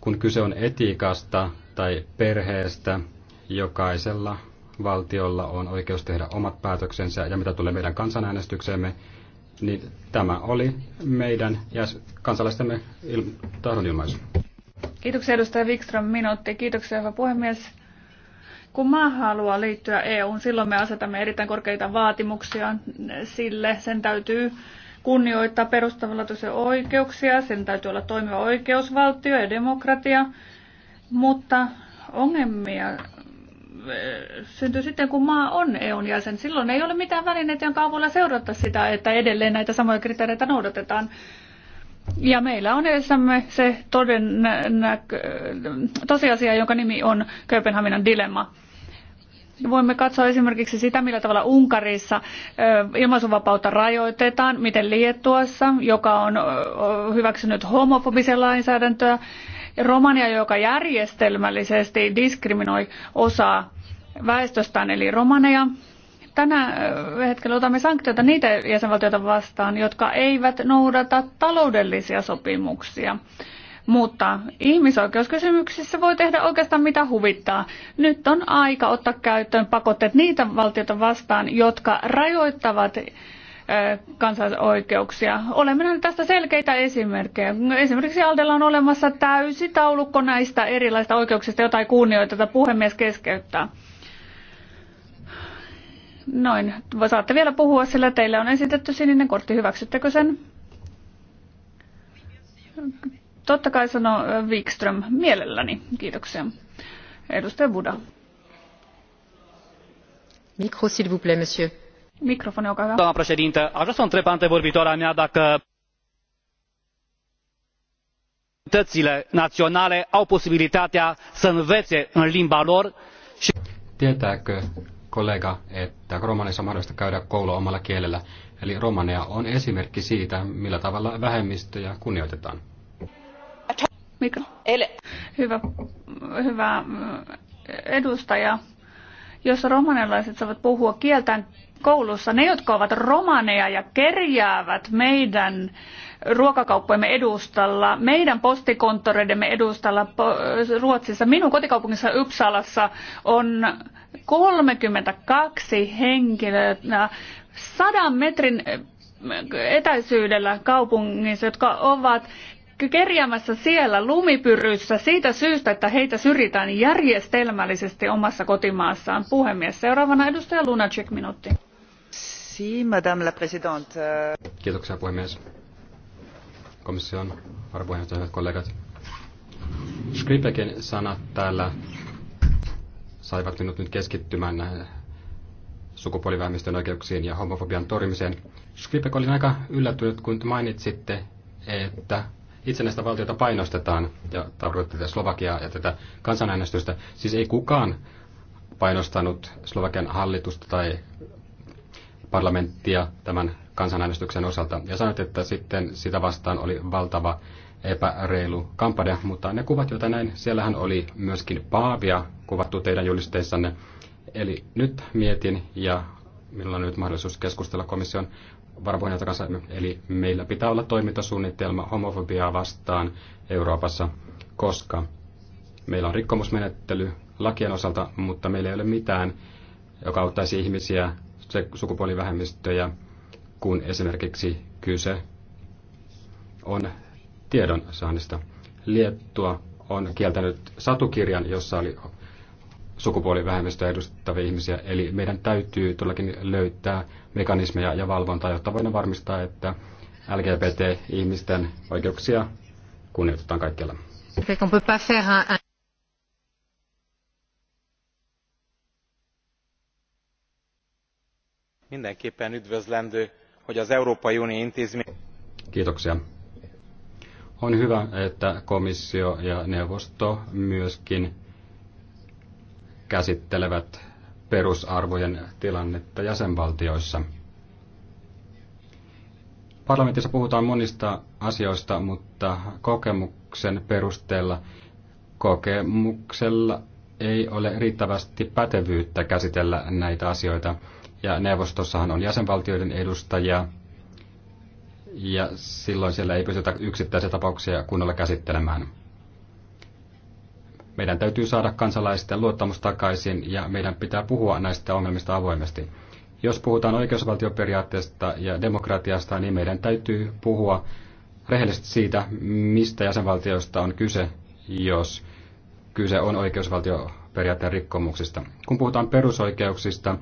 [SPEAKER 3] Kun kyse on etiikasta, tai perheestä, jokaisella valtiolla on oikeus tehdä omat päätöksensä ja mitä tulee meidän kansanäänestykseemme, niin tämä oli meidän ja kansalaistemme il- tahdonilmaisu.
[SPEAKER 1] Kiitoksia edustaja Wikström minuutti. Kiitoksia hyvä puhemies. Kun maa haluaa liittyä EUn, silloin me asetamme erittäin korkeita vaatimuksia sille. Sen täytyy kunnioittaa perustavanlaatuisia oikeuksia, sen täytyy olla toimiva oikeusvaltio ja demokratia. Mutta ongelmia eh, syntyy sitten, kun maa on EUn jäsen. Silloin ei ole mitään välineitä, jonka avulla seurata sitä, että edelleen näitä samoja kriteereitä noudatetaan. Ja meillä on edessämme se todennä, tosiasia, jonka nimi on Kööpenhaminan dilemma. Voimme katsoa esimerkiksi sitä, millä tavalla Unkarissa eh, ilmaisuvapautta rajoitetaan, miten Liettuassa, joka on eh, hyväksynyt homofobisen lainsäädäntöä, Romania, joka järjestelmällisesti diskriminoi osaa väestöstään, eli romaneja. Tänä äh, hetkellä otamme sanktioita niitä jäsenvaltioita vastaan, jotka eivät noudata taloudellisia sopimuksia. Mutta ihmisoikeuskysymyksissä voi tehdä oikeastaan mitä huvittaa. Nyt on aika ottaa käyttöön pakotteet niitä valtioita vastaan, jotka rajoittavat kansanoikeuksia. Olemme nähneet tästä selkeitä esimerkkejä. Esimerkiksi Aldella on olemassa täysi taulukko näistä erilaisista oikeuksista, joita ei kunnioiteta. Puhemies keskeyttää. Noin. Saatte vielä puhua, sillä teille on esitetty sininen kortti. Hyväksyttekö sen? Totta kai sanoo Wikström mielelläni. Kiitoksia. Edustaja Buda.
[SPEAKER 2] Mikro, s'il vous plaît,
[SPEAKER 1] monsieur doamnă președintă, aș vrea să o întreb antevorbitoarea mea dacă autoritățile naționale au posibilitatea să
[SPEAKER 3] învețe în limba lor și... Tietääkö kollega, että romaneissa on mahdollista käydä koulua omalla kielellä? Eli romania on esimerkki siitä, millä tavalla vähemmistöjä kunnioitetaan.
[SPEAKER 1] Mikro. Hyvä, hyvä edustaja. Jos romanialaiset saavat puhua kieltään koulussa, ne jotka ovat romaneja ja kerjäävät meidän ruokakauppojemme edustalla, meidän postikonttoreidemme edustalla Ruotsissa, minun kotikaupungissa Ypsalassa on 32 henkilöä sadan metrin etäisyydellä kaupungissa, jotka ovat kerjäämässä siellä lumipyryssä siitä syystä, että heitä syrjitään järjestelmällisesti omassa kotimaassaan. Puhemies, seuraavana edustaja Lunacek minuutti Merci,
[SPEAKER 3] Kiitoksia puhemies. Komission hyvät kollegat. Skripekin sanat täällä saivat minut nyt keskittymään näihin sukupuolivähemmistön oikeuksiin ja homofobian torjumiseen. Skripek oli aika yllättynyt, kun mainitsitte, että itsenäistä valtiota painostetaan, ja tarkoitti tätä Slovakiaa ja tätä kansanäänestystä. Siis ei kukaan painostanut Slovakian hallitusta tai parlamenttia tämän kansanäänestyksen osalta ja sanoit, että sitten sitä vastaan oli valtava epäreilu kampanja, mutta ne kuvat, joita näin, siellähän oli myöskin paavia kuvattu teidän julisteissanne. Eli nyt mietin, ja minulla on nyt mahdollisuus keskustella komission varapuheenjohtajan kanssa, eli meillä pitää olla toimintasuunnitelma homofobiaa vastaan Euroopassa, koska meillä on rikkomusmenettely lakien osalta, mutta meillä ei ole mitään, joka auttaisi ihmisiä sukupuolivähemmistöjä, kun esimerkiksi kyse on tiedonsaannista. Liettua on kieltänyt satukirjan, jossa oli sukupuolivähemmistöä edustavia ihmisiä. Eli meidän täytyy todellakin löytää mekanismeja ja valvontaa, jotta voidaan varmistaa, että LGBT-ihmisten oikeuksia kunnioitetaan kaikkialla. mindenképpen üdvözlendő hogy az európai unió intézményei. Kiitoksia. On hyvä, että komissio ja neuvosto myöskin käsittelevät perusarvojen tilannetta jäsenvaltioissa. Parlamentissa puhutaan monista asioista, mutta kokemuksen perusteella kokemuksella ei ole riittävästi pätevyyttä käsitellä näitä asioita ja neuvostossahan on jäsenvaltioiden edustajia, ja silloin siellä ei pystytä yksittäisiä tapauksia kunnolla käsittelemään. Meidän täytyy saada kansalaisten luottamus takaisin ja meidän pitää puhua näistä ongelmista avoimesti. Jos puhutaan oikeusvaltioperiaatteesta ja demokratiasta, niin meidän täytyy puhua rehellisesti siitä, mistä jäsenvaltioista on kyse, jos kyse on oikeusvaltioperiaatteen rikkomuksista. Kun puhutaan perusoikeuksista,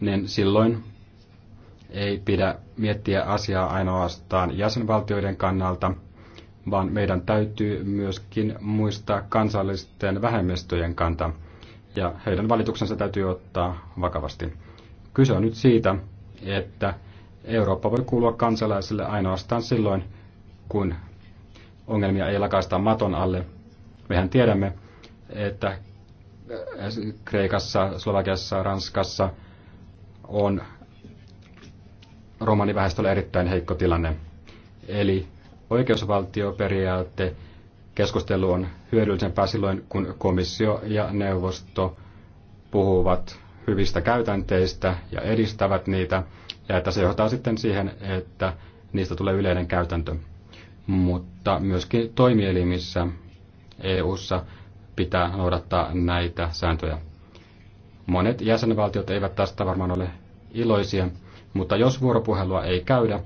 [SPEAKER 3] niin silloin ei pidä miettiä asiaa ainoastaan jäsenvaltioiden kannalta, vaan meidän täytyy myöskin muistaa kansallisten vähemmistöjen kanta, ja heidän valituksensa täytyy ottaa vakavasti. Kyse on nyt siitä, että Eurooppa voi kuulua kansalaisille ainoastaan silloin, kun ongelmia ei lakaista maton alle. Mehän tiedämme, että Kreikassa, Slovakiassa, Ranskassa – on romaniväestöllä erittäin heikko tilanne. Eli oikeusvaltioperiaate keskustelu on hyödyllisempää silloin, kun komissio ja neuvosto puhuvat hyvistä käytänteistä ja edistävät niitä, ja että se johtaa sitten siihen, että niistä tulee yleinen käytäntö. Mutta myöskin toimielimissä EU:ssa pitää noudattaa näitä sääntöjä. Monet jäsenvaltiot eivät tästä varmaan ole iloisia, mutta jos vuoropuhelua ei käydä,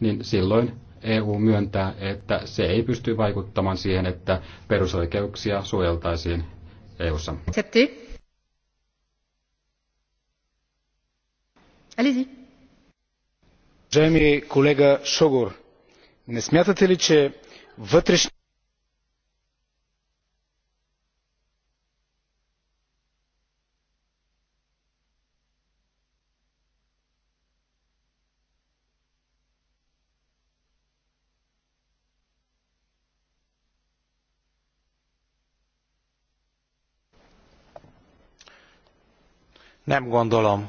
[SPEAKER 3] niin silloin EU myöntää, että se ei pysty vaikuttamaan siihen, että perusoikeuksia suojeltaisiin EU:ssa. Allez-y. Уважаеми колега Шогор, не смятате ли, че вътрешни... Nem gondolom.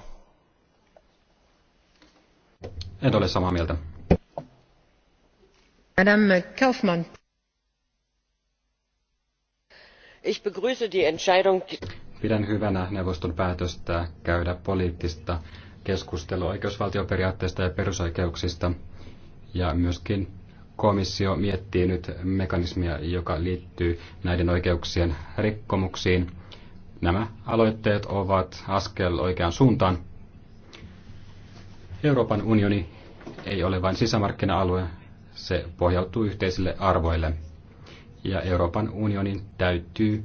[SPEAKER 3] En ole samaa mieltä.
[SPEAKER 2] Madame Kaufmann.
[SPEAKER 4] Ich begrüße die Entscheidung.
[SPEAKER 3] Pidän hyvänä neuvoston päätöstä käydä poliittista keskustelua oikeusvaltioperiaatteista ja perusoikeuksista. Ja myöskin komissio miettii nyt mekanismia, joka liittyy näiden oikeuksien rikkomuksiin – Nämä aloitteet ovat askel oikeaan suuntaan. Euroopan unioni ei ole vain sisämarkkina-alue, se pohjautuu yhteisille arvoille. Ja Euroopan unionin täytyy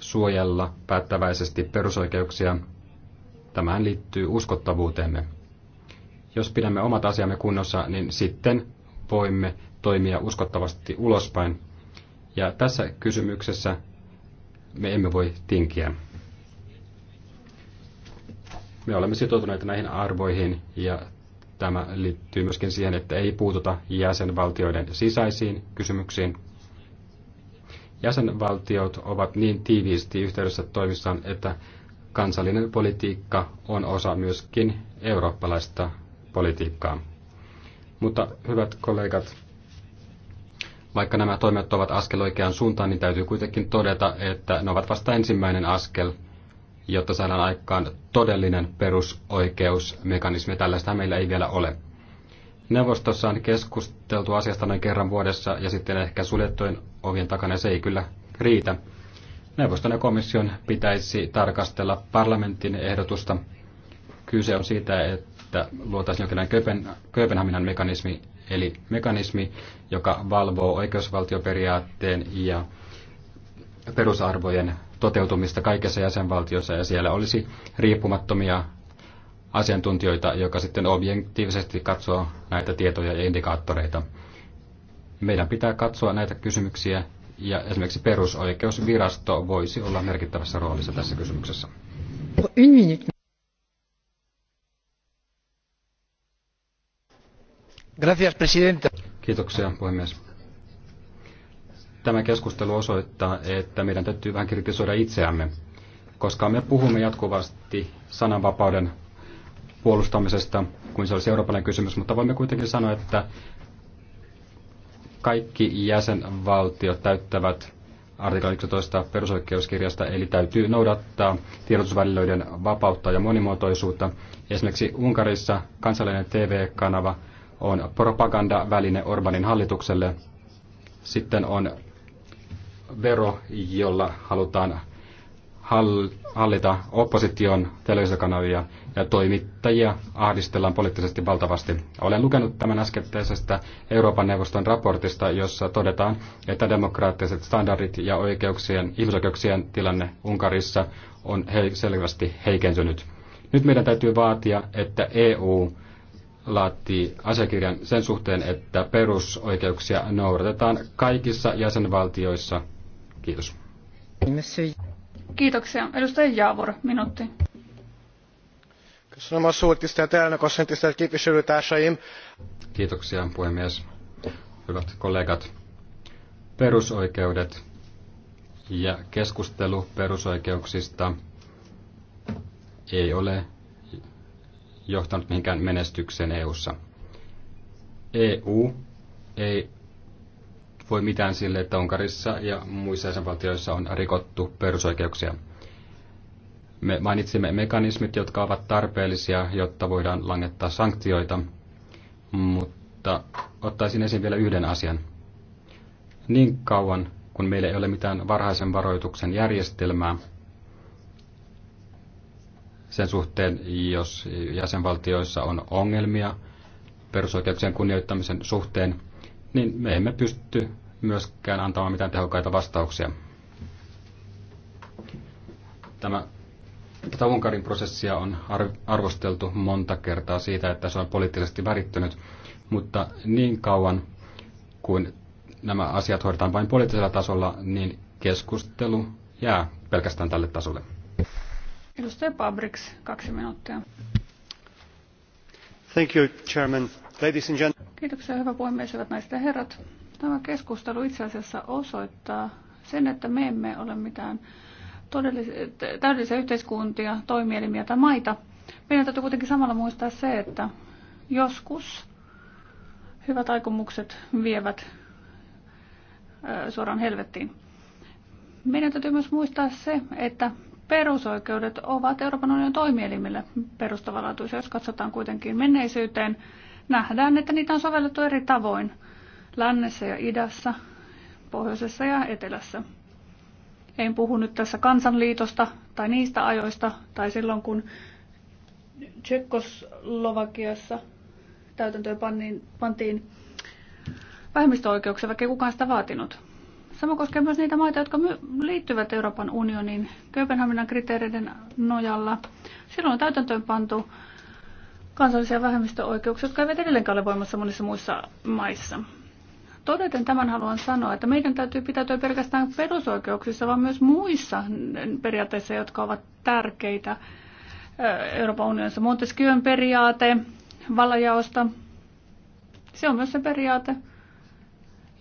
[SPEAKER 3] suojella päättäväisesti perusoikeuksia. Tämähän liittyy uskottavuuteemme. Jos pidämme omat asiamme kunnossa, niin sitten voimme toimia uskottavasti ulospäin. Ja tässä kysymyksessä me emme voi tinkiä. Me olemme sitoutuneita näihin arvoihin ja tämä liittyy myöskin siihen, että ei puututa jäsenvaltioiden sisäisiin kysymyksiin. Jäsenvaltiot ovat niin tiiviisti yhteydessä toimissaan, että kansallinen politiikka on osa myöskin eurooppalaista politiikkaa. Mutta hyvät kollegat, vaikka nämä toimet ovat askel oikeaan suuntaan, niin täytyy kuitenkin todeta, että ne ovat vasta ensimmäinen askel, jotta saadaan aikaan todellinen perusoikeusmekanismi. Tällaista meillä ei vielä ole. Neuvostossa on keskusteltu asiasta noin kerran vuodessa ja sitten ehkä suljettujen ovien takana se ei kyllä riitä. Neuvoston ja komission pitäisi tarkastella parlamentin ehdotusta. Kyse on siitä, että luotaisiin jonkinlainen Kööpenhaminan mekanismi eli mekanismi, joka valvoo oikeusvaltioperiaatteen ja perusarvojen toteutumista kaikessa jäsenvaltiossa, ja siellä olisi riippumattomia asiantuntijoita, joka sitten objektiivisesti katsoo näitä tietoja ja indikaattoreita. Meidän pitää katsoa näitä kysymyksiä, ja esimerkiksi perusoikeusvirasto voisi olla merkittävässä roolissa tässä kysymyksessä. Kiitoksia, puhemies. Tämä keskustelu osoittaa, että meidän täytyy vähän kritisoida itseämme, koska me puhumme jatkuvasti sananvapauden puolustamisesta, kuin se olisi eurooppalainen kysymys, mutta voimme kuitenkin sanoa, että kaikki jäsenvaltiot täyttävät artikla 11 perusoikeuskirjasta, eli täytyy noudattaa tiedotusvälineiden vapautta ja monimuotoisuutta. Esimerkiksi Unkarissa kansallinen TV-kanava on propagandaväline Orbanin hallitukselle. Sitten on vero, jolla halutaan hallita opposition televisiokanavia ja toimittajia ahdistellaan poliittisesti valtavasti. Olen lukenut tämän äskettäisestä Euroopan neuvoston raportista, jossa todetaan, että demokraattiset standardit ja oikeuksien, ihmisoikeuksien tilanne Unkarissa on selvästi heikentynyt. Nyt meidän täytyy vaatia, että EU laatti asiakirjan sen suhteen, että perusoikeuksia noudatetaan kaikissa jäsenvaltioissa. Kiitos.
[SPEAKER 1] Kiitoksia. Edustaja Jaavor, minuutti.
[SPEAKER 3] Köszönöm a szót, tisztelt elnök asszony, tisztelt képviselőtársaim! Kiitoksia, puhemies. Hyvät kollegat, perusoikeudet ja keskustelu perusoikeuksista ei ole johtanut mihinkään menestykseen EU:ssa. EU ei voi mitään sille, että Unkarissa ja muissa jäsenvaltioissa on rikottu perusoikeuksia. Me mainitsimme mekanismit, jotka ovat tarpeellisia, jotta voidaan langettaa sanktioita, mutta ottaisin esiin vielä yhden asian. Niin kauan, kun meillä ei ole mitään varhaisen varoituksen järjestelmää, sen suhteen, jos jäsenvaltioissa on ongelmia perusoikeuksien kunnioittamisen suhteen, niin me emme pysty myöskään antamaan mitään tehokkaita vastauksia. Tämä tätä Unkarin prosessia on arvosteltu monta kertaa siitä, että se on poliittisesti värittynyt, mutta niin kauan kuin nämä asiat hoidetaan vain poliittisella tasolla, niin keskustelu jää pelkästään tälle tasolle.
[SPEAKER 1] Edustaja Pabriks, kaksi minuuttia.
[SPEAKER 3] Thank you, Chairman. Ladies and gentlemen.
[SPEAKER 1] Kiitoksia, hyvä puhemies, hyvät naiset ja herrat. Tämä keskustelu itse asiassa osoittaa sen, että me emme ole mitään täydellisiä yhteiskuntia, toimielimiä tai maita. Meidän täytyy kuitenkin samalla muistaa se, että joskus hyvät aikomukset vievät suoraan helvettiin. Meidän täytyy myös muistaa se, että perusoikeudet ovat Euroopan unionin toimielimille perustavanlaatuisia. Jos katsotaan kuitenkin menneisyyteen, nähdään, että niitä on sovellettu eri tavoin lännessä ja idässä, pohjoisessa ja etelässä. En puhu nyt tässä kansanliitosta tai niistä ajoista tai silloin, kun Tsekkoslovakiassa täytäntöön pantiin vähemmistöoikeuksia, vaikka ei kukaan sitä vaatinut. Sama koskee myös niitä maita, jotka liittyvät Euroopan unioniin Kööpenhaminan kriteereiden nojalla. Silloin on täytäntöön pantu kansallisia vähemmistöoikeuksia, jotka eivät edelleenkään ole voimassa monissa muissa maissa. Todeten tämän haluan sanoa, että meidän täytyy pitäytyä pelkästään perusoikeuksissa, vaan myös muissa periaatteissa, jotka ovat tärkeitä Euroopan unionissa. Montesquieun periaate vallanjaosta, se on myös se periaate,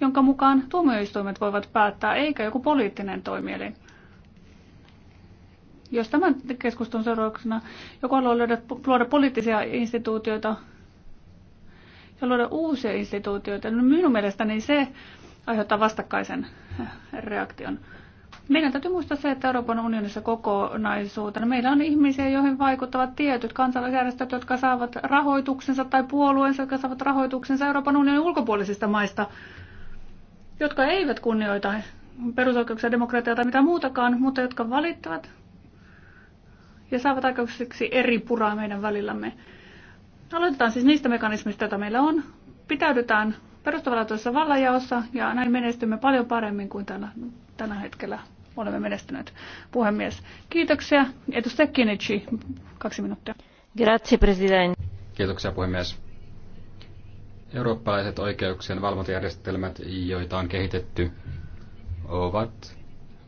[SPEAKER 1] jonka mukaan tuomioistuimet voivat päättää, eikä joku poliittinen toimielin. Jos tämän keskustelun seurauksena joku haluaa luoda, luoda poliittisia instituutioita ja luoda uusia instituutioita, niin minun mielestäni se aiheuttaa vastakkaisen reaktion. Meidän täytyy muistaa se, että Euroopan unionissa kokonaisuutena meillä on ihmisiä, joihin vaikuttavat tietyt kansalaisjärjestöt, jotka saavat rahoituksensa tai puolueensa, jotka saavat rahoituksensa Euroopan unionin ulkopuolisista maista jotka eivät kunnioita perusoikeuksia, demokratiaa tai mitä muutakaan, mutta jotka valittavat ja saavat aikaiseksi eri puraa meidän välillämme. Aloitetaan siis niistä mekanismista, joita meillä on. Pitäydytään perustavanlaatuisessa vallanjaossa ja näin menestymme paljon paremmin kuin tänä, tällä hetkellä olemme menestyneet. Puhemies, kiitoksia. Edustaja Kinichi, kaksi minuuttia.
[SPEAKER 4] Grazie,
[SPEAKER 3] Kiitoksia, puhemies Eurooppalaiset oikeuksien valvontajärjestelmät, joita on kehitetty, ovat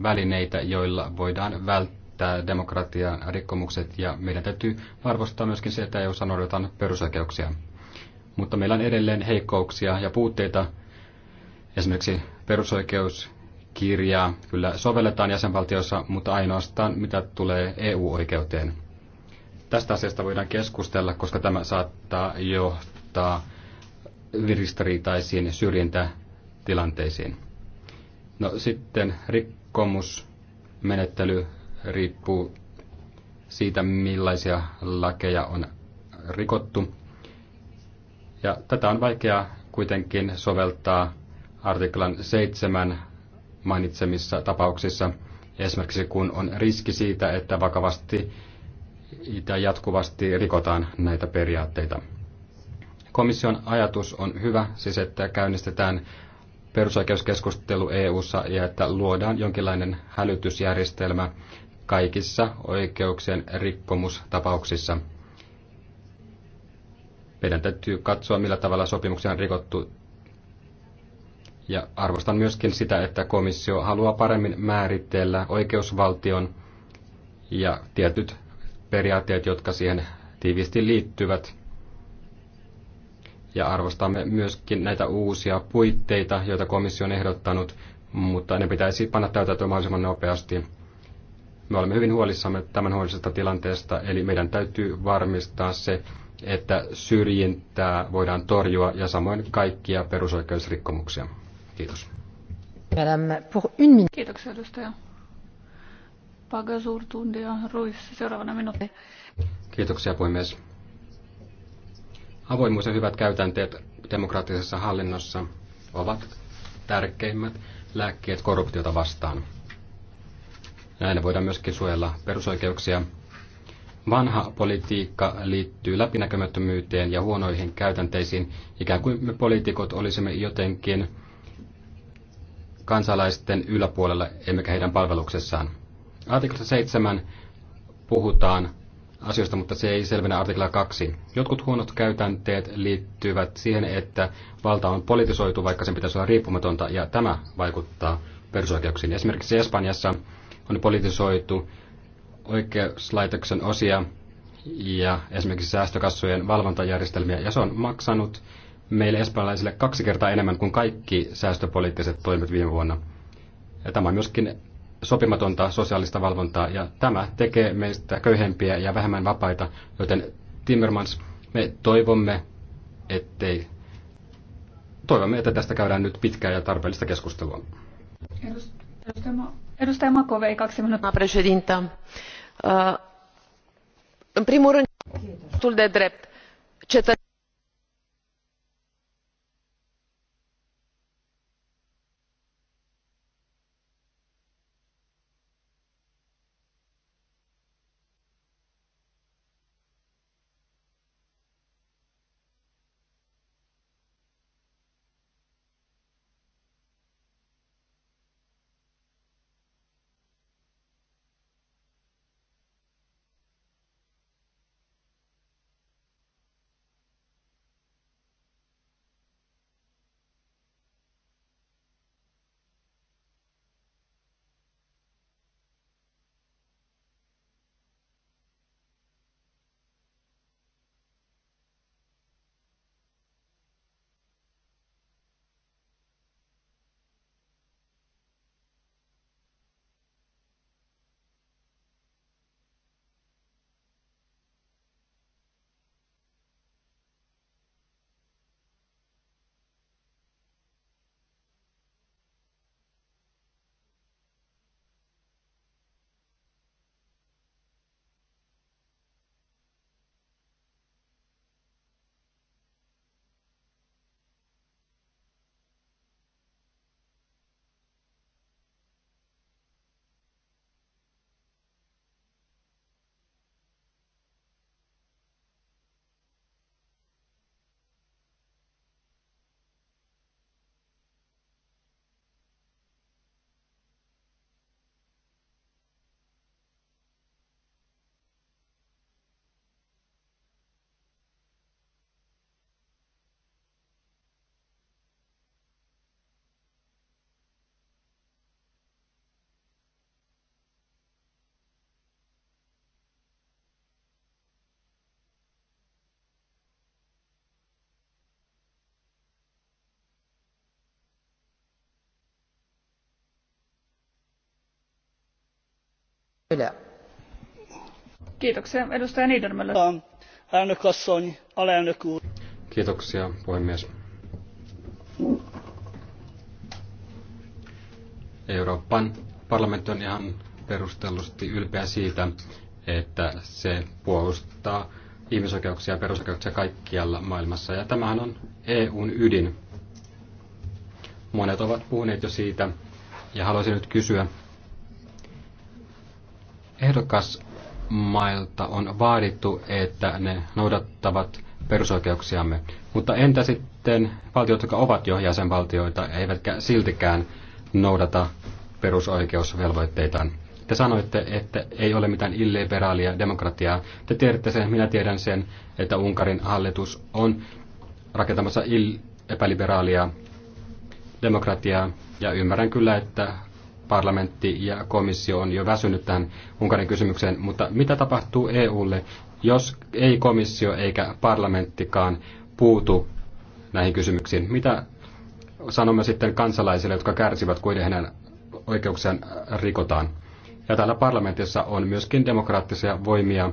[SPEAKER 3] välineitä, joilla voidaan välttää demokratian rikkomukset ja meidän täytyy arvostaa myöskin se, että EU noudatetaan perusoikeuksia. Mutta meillä on edelleen heikkouksia ja puutteita. Esimerkiksi perusoikeuskirjaa kyllä sovelletaan jäsenvaltioissa, mutta ainoastaan mitä tulee EU-oikeuteen. Tästä asiasta voidaan keskustella, koska tämä saattaa johtaa viristiriitaisiin syrjintätilanteisiin. No sitten rikkomusmenettely riippuu siitä, millaisia lakeja on rikottu. Ja tätä on vaikea kuitenkin soveltaa artiklan 7 mainitsemissa tapauksissa, esimerkiksi kun on riski siitä, että vakavasti ja jatkuvasti rikotaan näitä periaatteita. Komission ajatus on hyvä, siis että käynnistetään perusoikeuskeskustelu EU:ssa ja että luodaan jonkinlainen hälytysjärjestelmä kaikissa oikeuksien rikkomustapauksissa. Meidän täytyy katsoa, millä tavalla sopimuksia on rikottu. Ja arvostan myöskin sitä, että komissio haluaa paremmin määritellä oikeusvaltion ja tietyt periaatteet, jotka siihen tiiviisti liittyvät – ja arvostamme myöskin näitä uusia puitteita, joita komissio on ehdottanut, mutta ne pitäisi panna täytäntöön mahdollisimman nopeasti. Me olemme hyvin huolissamme tämän huolisesta tilanteesta, eli meidän täytyy varmistaa se, että syrjintää voidaan torjua ja samoin kaikkia perusoikeusrikkomuksia. Kiitos.
[SPEAKER 2] Madame,
[SPEAKER 1] Kiitoksia edustaja. Pagasurtundia Ruiz, seuraavana minuutti.
[SPEAKER 3] Kiitoksia puhemies. Avoimuus ja hyvät käytänteet demokraattisessa hallinnossa ovat tärkeimmät lääkkeet korruptiota vastaan. Näin voidaan myöskin suojella perusoikeuksia. Vanha politiikka liittyy läpinäkymättömyyteen ja huonoihin käytänteisiin, ikään kuin me poliitikot olisimme jotenkin kansalaisten yläpuolella, emmekä heidän palveluksessaan. Artiklassa 7 puhutaan asioista, mutta se ei selvenä artikla 2. Jotkut huonot käytänteet liittyvät siihen, että valta on politisoitu, vaikka sen pitäisi olla riippumatonta, ja tämä vaikuttaa perusoikeuksiin. Esimerkiksi Espanjassa on politisoitu oikeuslaitoksen osia ja esimerkiksi säästökassojen valvontajärjestelmiä, ja se on maksanut meille espanjalaisille kaksi kertaa enemmän kuin kaikki säästöpoliittiset toimet viime vuonna. Ja tämä on myöskin sopimatonta sosiaalista valvontaa ja tämä tekee meistä köyhempiä ja vähemmän vapaita, joten Timmermans, me toivomme, ettei toivomme, että tästä käydään nyt pitkää ja tarpeellista keskustelua.
[SPEAKER 1] Edustaja, Makovei, kaksi minuuttia. Președinta,
[SPEAKER 4] uh, în primul rând, de drept.
[SPEAKER 5] Cetă-
[SPEAKER 1] Yle. Edustaja Elnök asszony, alelnök úr.
[SPEAKER 3] Kiitoksia, Euroopan parlamentti on ihan perustellusti ylpeä siitä, että se puolustaa ihmisoikeuksia ja perusoikeuksia kaikkialla maailmassa. Ja tämähän on EUn ydin. Monet ovat puhuneet jo siitä, ja haluaisin nyt kysyä, Ehdokasmailta on vaadittu, että ne noudattavat perusoikeuksiamme. Mutta entä sitten valtiot, jotka ovat jo jäsenvaltioita, eivätkä siltikään noudata perusoikeusvelvoitteitaan? Te sanoitte, että ei ole mitään illiberaalia demokratiaa. Te tiedätte sen, minä tiedän sen, että Unkarin hallitus on rakentamassa ill- epäliberaalia demokratiaa. Ja ymmärrän kyllä, että parlamentti ja komissio on jo väsynyt tähän Unkarin kysymykseen, mutta mitä tapahtuu EUlle, jos ei komissio eikä parlamenttikaan puutu näihin kysymyksiin? Mitä sanomme sitten kansalaisille, jotka kärsivät, kun heidän oikeuksiaan rikotaan? Ja täällä parlamentissa on myöskin demokraattisia voimia,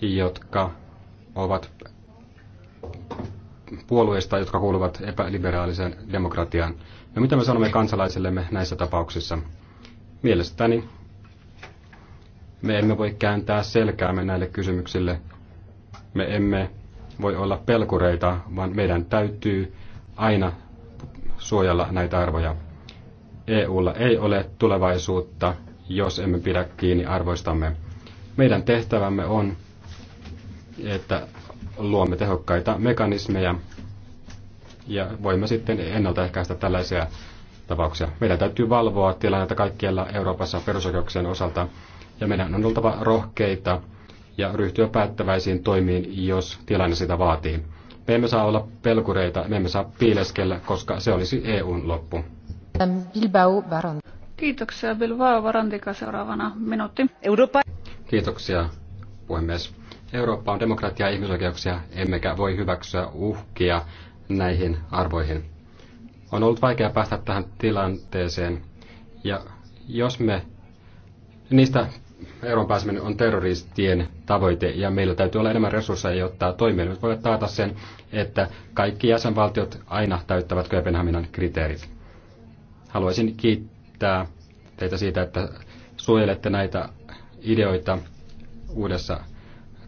[SPEAKER 3] jotka ovat puolueista, jotka kuuluvat epäliberaaliseen demokratiaan. No mitä me sanomme kansalaisillemme näissä tapauksissa? Mielestäni me emme voi kääntää selkäämme näille kysymyksille. Me emme voi olla pelkureita, vaan meidän täytyy aina suojella näitä arvoja. EUlla ei ole tulevaisuutta, jos emme pidä kiinni arvoistamme. Meidän tehtävämme on, että luomme tehokkaita mekanismeja ja voimme sitten ennaltaehkäistä tällaisia tapauksia. Meidän täytyy valvoa tilannetta kaikkialla Euroopassa perusoikeuksien osalta ja meidän on oltava rohkeita ja ryhtyä päättäväisiin toimiin, jos tilanne sitä vaatii. Me emme saa olla pelkureita, me emme saa piileskellä, koska se olisi EUn loppu.
[SPEAKER 1] Bilbao Baron. Kiitoksia Bilbao Barantika seuraavana minuutti. Europa.
[SPEAKER 3] Kiitoksia puhemies. Eurooppa on demokratia ja ihmisoikeuksia, emmekä voi hyväksyä uhkia näihin arvoihin. On ollut vaikea päästä tähän tilanteeseen. Ja jos me, niistä eron pääseminen on terroristien tavoite ja meillä täytyy olla enemmän resursseja, jotta toimielimet voivat taata sen, että kaikki jäsenvaltiot aina täyttävät Kööpenhaminan kriteerit. Haluaisin kiittää teitä siitä, että suojelette näitä ideoita uudessa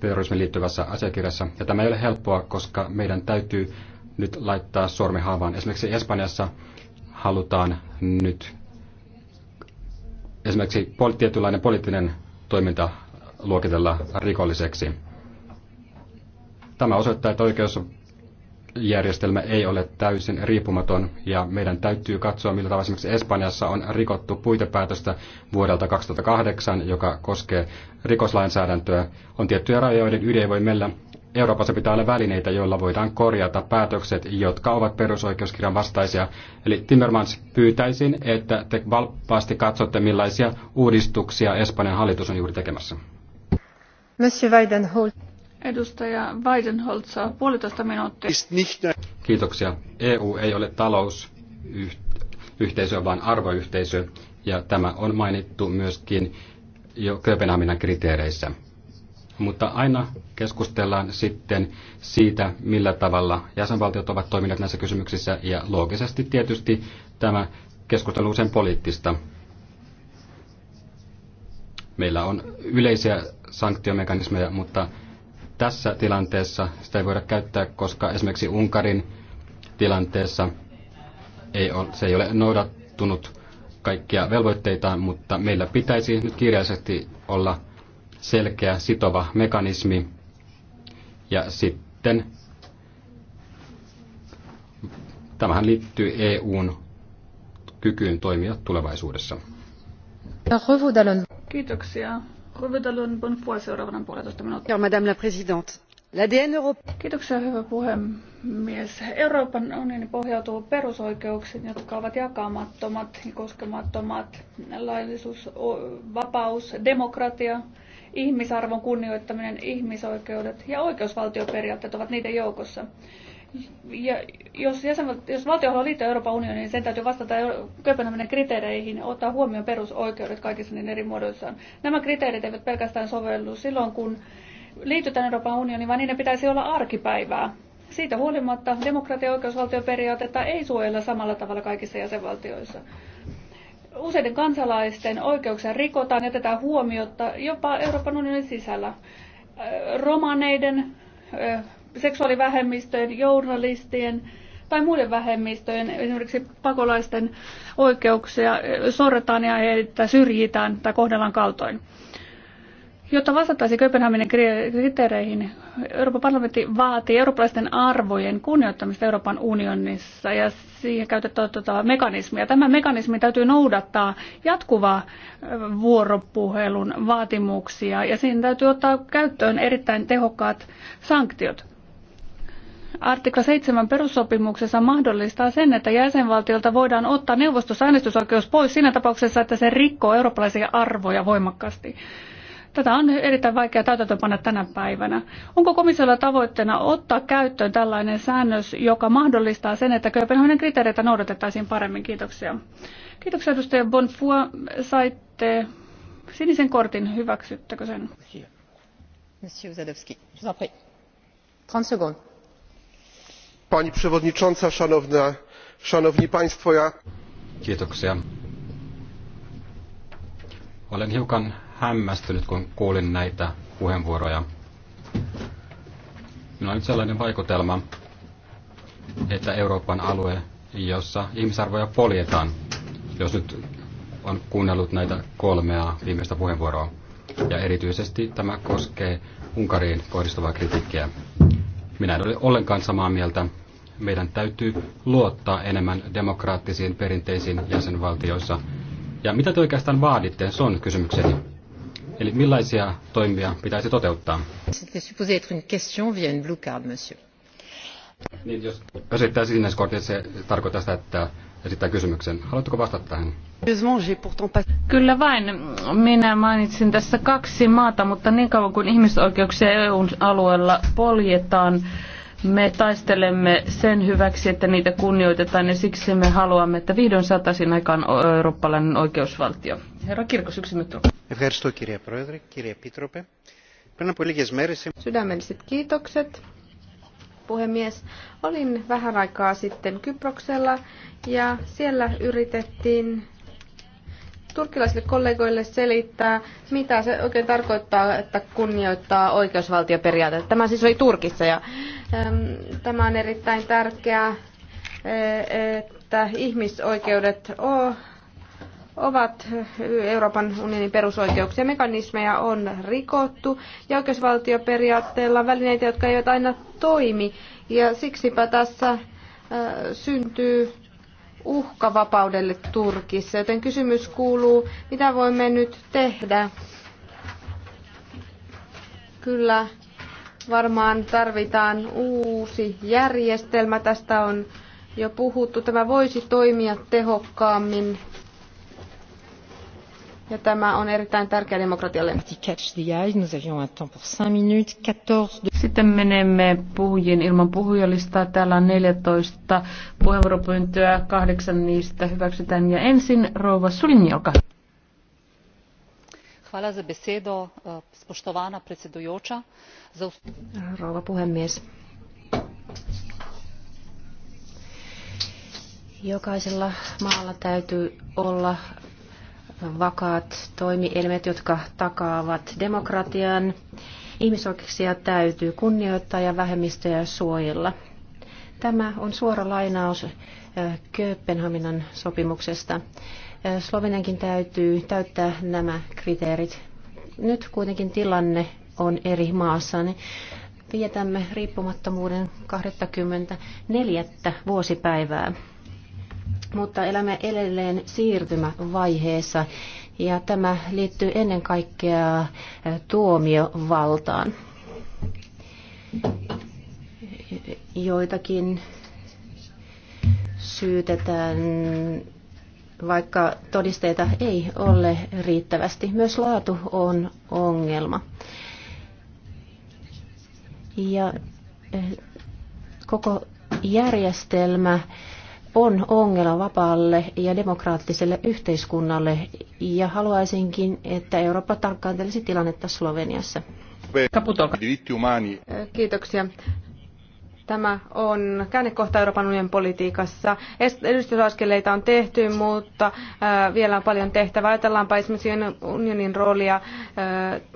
[SPEAKER 3] terrorismiin liittyvässä asiakirjassa. Ja tämä ei ole helppoa, koska meidän täytyy nyt laittaa sormi haavaan. Esimerkiksi Espanjassa halutaan nyt esimerkiksi poli- tietynlainen poliittinen toiminta luokitella rikolliseksi. Tämä osoittaa, että oikeusjärjestelmä ei ole täysin riippumaton ja meidän täytyy katsoa, millä tavalla esimerkiksi Espanjassa on rikottu puitepäätöstä vuodelta 2008, joka koskee rikoslainsäädäntöä. On tiettyjä rajoja, joiden yli ei voi mennä, Euroopassa pitää olla välineitä, joilla voidaan korjata päätökset, jotka ovat perusoikeuskirjan vastaisia. Eli Timmermans, pyytäisin, että te valppaasti katsotte, millaisia uudistuksia Espanjan hallitus on juuri tekemässä.
[SPEAKER 1] Monsieur Weidenholt. Edustaja Weidenholt saa puolitoista minuuttia.
[SPEAKER 3] Kiitoksia. EU ei ole talousyhteisö, vaan arvoyhteisö, ja tämä on mainittu myöskin jo Kööpenhaminan kriteereissä mutta aina keskustellaan sitten siitä, millä tavalla jäsenvaltiot ovat toimineet näissä kysymyksissä, ja loogisesti tietysti tämä keskustelu on usein poliittista. Meillä on yleisiä sanktiomekanismeja, mutta tässä tilanteessa sitä ei voida käyttää, koska esimerkiksi Unkarin tilanteessa ei ole, se ei ole noudattunut kaikkia velvoitteitaan, mutta meillä pitäisi nyt kirjaisesti olla selkeä sitova mekanismi ja sitten tämähän liittyy EUn kykyyn toimia tulevaisuudessa.
[SPEAKER 1] Kiitoksia. bon Bonfoy seuraavana puolitoista minuuttia. Madame la Présidente. Kiitoksia, hyvä puhemies. Euroopan unioni pohjautuu perusoikeuksiin, jotka ovat jakamattomat ja koskemattomat. Laillisuus, vapaus, demokratia, ihmisarvon kunnioittaminen, ihmisoikeudet ja oikeusvaltioperiaatteet ovat niiden joukossa. Ja jos, jäsen, jos valtio haluaa liittyä Euroopan unioniin, niin sen täytyy vastata Kööpenhaminen kriteereihin ja ottaa huomioon perusoikeudet kaikissa niiden eri muodoissaan. Nämä kriteerit eivät pelkästään sovellu silloin, kun liitytään Euroopan unioniin, vaan niiden pitäisi olla arkipäivää. Siitä huolimatta demokratia- ja oikeusvaltioperiaatetta ei suojella samalla tavalla kaikissa jäsenvaltioissa useiden kansalaisten oikeuksia rikotaan, jätetään huomiota jopa Euroopan unionin sisällä. Romaneiden, seksuaalivähemmistöjen, journalistien tai muiden vähemmistöjen, esimerkiksi pakolaisten oikeuksia sorretaan ja heitä syrjitään tai kohdellaan kaltoin. Jotta vastattaisiin Kööpenhaminen kriteereihin, Euroopan parlamentti vaatii eurooppalaisten arvojen kunnioittamista Euroopan unionissa ja siihen käytetään tuota mekanismia. Tämä mekanismi täytyy noudattaa jatkuvaa vuoropuhelun vaatimuksia ja siinä täytyy ottaa käyttöön erittäin tehokkaat sanktiot. Artikla 7 perussopimuksessa mahdollistaa sen, että jäsenvaltiolta voidaan ottaa neuvostossa pois siinä tapauksessa, että se rikkoo eurooppalaisia arvoja voimakkaasti. Tätä on erittäin vaikea täytäntöönpanna tänä päivänä. Onko komissiolla tavoitteena ottaa käyttöön tällainen säännös, joka mahdollistaa sen, että Kööpenhaminan kriteereitä noudatettaisiin paremmin? Kiitoksia. Kiitoksia edustaja Bonfua. Saitte sinisen kortin. Hyväksyttekö sen? Monsieur Zadowski, je vous 30 secondes.
[SPEAKER 2] Pani przewodnicząca, szanowna, szanowni państwo, ja...
[SPEAKER 3] Kiitoksia. Olen hiukan hämmästynyt, kun kuulin näitä puheenvuoroja. Minulla on nyt sellainen vaikutelma, että Euroopan alue, jossa ihmisarvoja poljetaan, jos nyt on kuunnellut näitä kolmea viimeistä puheenvuoroa, ja erityisesti tämä koskee Unkariin kohdistuvaa kritiikkiä. Minä en ole ollenkaan samaa mieltä. Meidän täytyy luottaa enemmän demokraattisiin perinteisiin jäsenvaltioissa. Ja mitä te oikeastaan vaaditte, se on kysymykseni. Eli millaisia toimia pitäisi toteuttaa? Niin, jos esittää sinneskortin, se tarkoittaa sitä, että esittää kysymyksen. Haluatteko vastata tähän?
[SPEAKER 4] Kyllä vain. Minä mainitsin tässä kaksi maata, mutta niin kauan kuin ihmisoikeuksia eu alueella poljetaan, me taistelemme sen hyväksi, että niitä kunnioitetaan ja siksi me haluamme, että vihdoin saataisiin aikaan eurooppalainen oikeusvaltio. Herra Kirkos, yksi minuutti.
[SPEAKER 5] Sydämelliset kiitokset, puhemies. Olin vähän aikaa sitten Kyproksella ja siellä yritettiin turkkilaisille kollegoille selittää, mitä se oikein tarkoittaa, että kunnioittaa oikeusvaltioperiaatetta. Tämä siis oli Turkissa ja tämä on erittäin tärkeää, e, että ihmisoikeudet ovat Euroopan unionin perusoikeuksia. Mekanismeja on rikottu ja oikeusvaltioperiaatteella on välineitä, jotka eivät aina toimi. Ja siksipä tässä syntyy uhka vapaudelle Turkissa. Joten kysymys kuuluu, mitä voimme nyt tehdä? Kyllä varmaan tarvitaan uusi järjestelmä. Tästä on jo puhuttu. Tämä voisi toimia tehokkaammin ja tämä on erittäin tärkeä demokratialle.
[SPEAKER 4] Sitten menemme puhujien ilman puhujalistaa. Täällä on 14 puheenvuoropyyntöä, kahdeksan niistä hyväksytään. Ja ensin rouva Sulini, olkaa
[SPEAKER 1] Hvala za besedo, eh, spoštovana predsedujoča. Za...
[SPEAKER 2] Rouva puhemies. Jokaisella maalla täytyy olla vakaat toimielimet, jotka takaavat demokratian. Ihmisoikeuksia täytyy kunnioittaa ja vähemmistöjä suojella. Tämä on suora lainaus eh, Kööpenhaminan sopimuksesta. Eh, Sloveniankin täytyy täyttää nämä kriteerit. Nyt kuitenkin tilanne on eri maassa. Niin vietämme riippumattomuuden 24. vuosipäivää mutta elämme edelleen siirtymävaiheessa ja tämä liittyy ennen kaikkea tuomiovaltaan. Joitakin syytetään, vaikka todisteita ei ole riittävästi. Myös laatu on ongelma. Ja koko järjestelmä on ongelma vapaalle ja demokraattiselle yhteiskunnalle ja haluaisinkin, että Eurooppa tarkkaantelisi tilannetta
[SPEAKER 5] Sloveniassa. Kaputolka. Kiitoksia. Tämä on käännekohta Euroopan unionin politiikassa. Edistysaskeleita on tehty, mutta vielä on paljon tehtävää. Ajatellaanpa esimerkiksi unionin roolia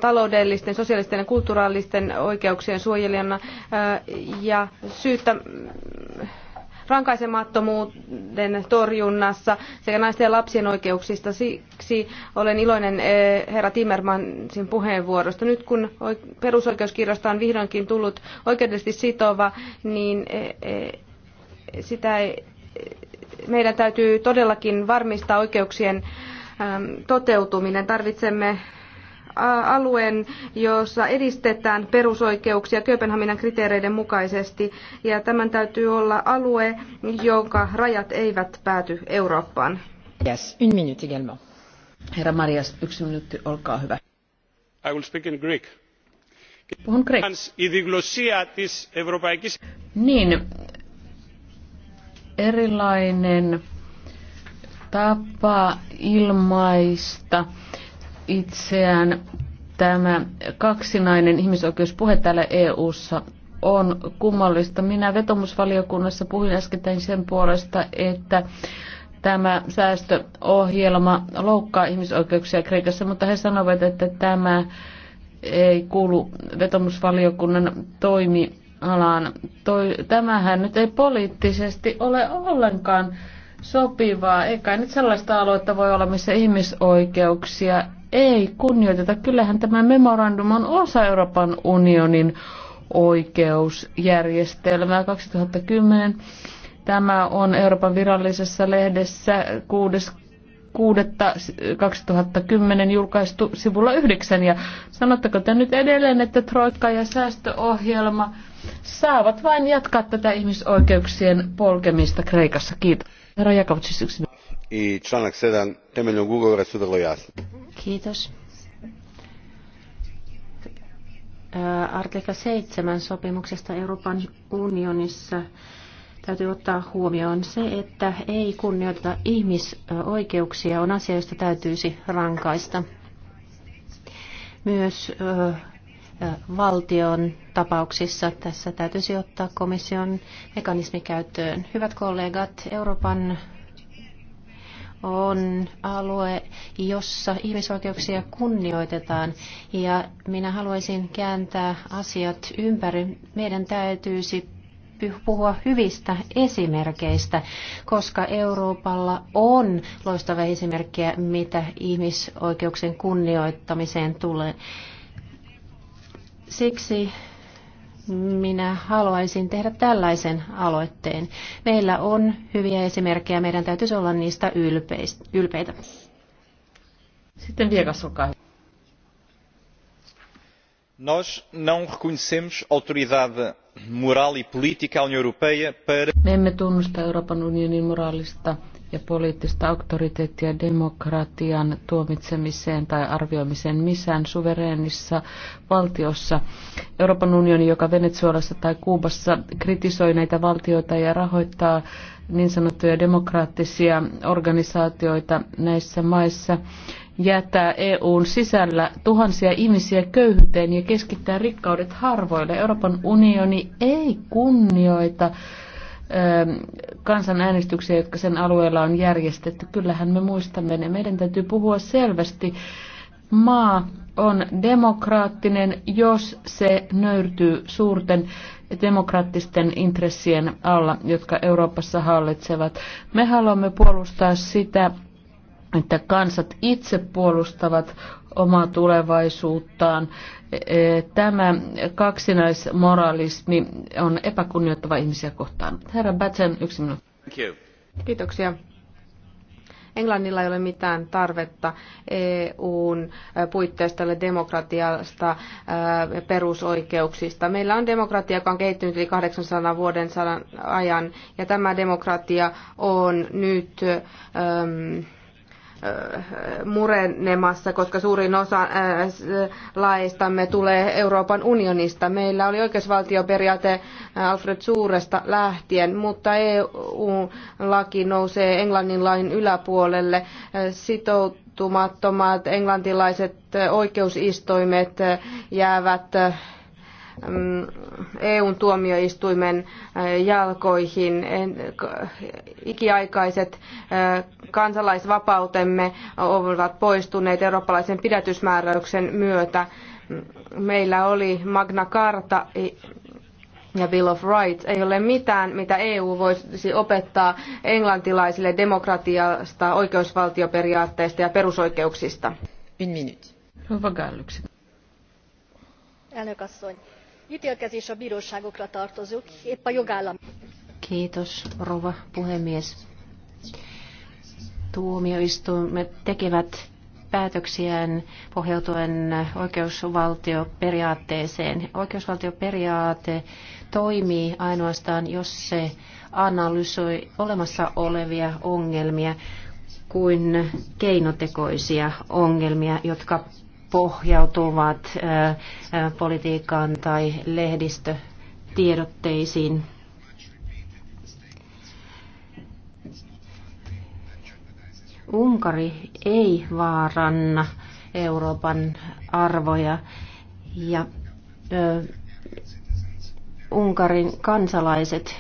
[SPEAKER 5] taloudellisten, sosiaalisten ja kulttuurallisten oikeuksien suojelijana ja syyttä rankaisemattomuuden torjunnassa sekä naisten ja lapsien oikeuksista. Siksi olen iloinen eh, herra Timmermansin puheenvuorosta. Nyt kun perusoikeuskirjasta on vihdoinkin tullut oikeudellisesti sitova, niin eh, eh, sitä ei, meidän täytyy todellakin varmistaa oikeuksien toteutuminen. Tarvitsemme alueen, jossa edistetään perusoikeuksia Kööpenhaminan kriteereiden mukaisesti. Ja tämän täytyy olla alue, jonka rajat eivät pääty Eurooppaan. Yes,
[SPEAKER 4] une minute également. Herra Marias, yksi minuutti, olkaa hyvä.
[SPEAKER 3] I will speak in Greek. Puhun kreikkaa.
[SPEAKER 4] Niin, erilainen tapa ilmaista itseään. Tämä kaksinainen ihmisoikeuspuhe täällä EU:ssa on kummallista. Minä vetomusvaliokunnassa puhuin äsken sen puolesta, että tämä säästöohjelma loukkaa ihmisoikeuksia Kreikassa, mutta he sanovat, että tämä ei kuulu vetomusvaliokunnan toimialaan. Toi, tämähän nyt ei poliittisesti ole ollenkaan sopivaa. Eikä nyt sellaista aluetta voi olla, missä ihmisoikeuksia ei kunnioiteta. Kyllähän tämä memorandum on osa Euroopan unionin oikeusjärjestelmää 2010. Tämä on Euroopan virallisessa lehdessä 6.6.2010 julkaistu sivulla 9. Ja sanotteko te nyt edelleen, että Troikka ja säästöohjelma saavat vain jatkaa tätä ihmisoikeuksien polkemista Kreikassa? Kiitos.
[SPEAKER 3] I članak seven temeljnog ugovora su vrlo jasni.
[SPEAKER 4] Kiitos.
[SPEAKER 2] Äh, artikla 7 sopimuksesta Euroopan unionissa täytyy ottaa huomioon se, että ei kunnioiteta ihmisoikeuksia on asia, josta täytyisi rankaista. Myös äh, valtion tapauksissa. Tässä täytyisi ottaa komission mekanismi käyttöön. Hyvät kollegat, Euroopan on alue, jossa ihmisoikeuksia kunnioitetaan. Ja minä haluaisin kääntää asiat ympäri. Meidän täytyisi puhua hyvistä esimerkeistä, koska Euroopalla on loistava esimerkkejä, mitä ihmisoikeuksien kunnioittamiseen tulee. Siksi minä haluaisin tehdä tällaisen aloitteen. Meillä on hyviä esimerkkejä, meidän täytyisi olla niistä
[SPEAKER 4] ylpeitä. Sitten Viekas, olkaa hyvä.
[SPEAKER 3] Nós não reconhecemos autoridade moral e política à União Europeia para...
[SPEAKER 4] Me emme tunnusta Euroopan unionin moraalista ja poliittista auktoriteettia demokratian tuomitsemiseen tai arvioimiseen missään suvereenissa valtiossa. Euroopan unioni, joka Venezuelassa tai Kuubassa kritisoi näitä valtioita ja rahoittaa niin sanottuja demokraattisia organisaatioita näissä maissa, jättää EUn sisällä tuhansia ihmisiä köyhyyteen ja keskittää rikkaudet harvoille. Euroopan unioni ei kunnioita kansanäänestyksiä, jotka sen alueella on järjestetty. Kyllähän me muistamme ne. Meidän täytyy puhua selvästi. Maa on demokraattinen, jos se nöyrtyy suurten demokraattisten intressien alla, jotka Euroopassa hallitsevat. Me haluamme puolustaa sitä, että kansat itse puolustavat omaa tulevaisuuttaan. E, tämä kaksinaismoralismi on epäkunnioittava ihmisiä kohtaan. Herra Batsen, yksi minuutti.
[SPEAKER 5] Kiitoksia. Englannilla ei ole mitään tarvetta EUn puitteista tälle demokratiasta, perusoikeuksista. Meillä on demokratia, joka on kehittynyt yli 800 vuoden ajan, ja tämä demokratia on nyt... Ähm, murenemassa, koska suurin osa äh, laeistamme tulee Euroopan unionista. Meillä oli oikeusvaltioperiaate äh, Alfred Suuresta lähtien, mutta EU-laki nousee Englannin lain yläpuolelle. Äh, sitoutumattomat englantilaiset oikeusistoimet jäävät Mm, EU-tuomioistuimen äh, jalkoihin. Ikiaikaiset äh, kansalaisvapautemme ovat poistuneet eurooppalaisen pidätysmääräyksen myötä. Meillä oli Magna Carta ja Bill of Rights ei ole mitään, mitä EU voisi opettaa englantilaisille demokratiasta, oikeusvaltioperiaatteista ja perusoikeuksista. Yksi minuutti. Hyvä
[SPEAKER 2] Elnök Ítélkezés a bíróságokra tartozik, épp a jogállam. Kiitos, rouva puhemies. Tuomioistuimet tekevät päätöksiään pohjautuen oikeusvaltioperiaatteeseen. Oikeusvaltioperiaate toimii ainoastaan, jos se analysoi olemassa olevia ongelmia kuin keinotekoisia ongelmia, jotka pohjautuvat politiikkaan tai lehdistötiedotteisiin. Unkari ei vaaranna Euroopan arvoja ja ö, Unkarin kansalaiset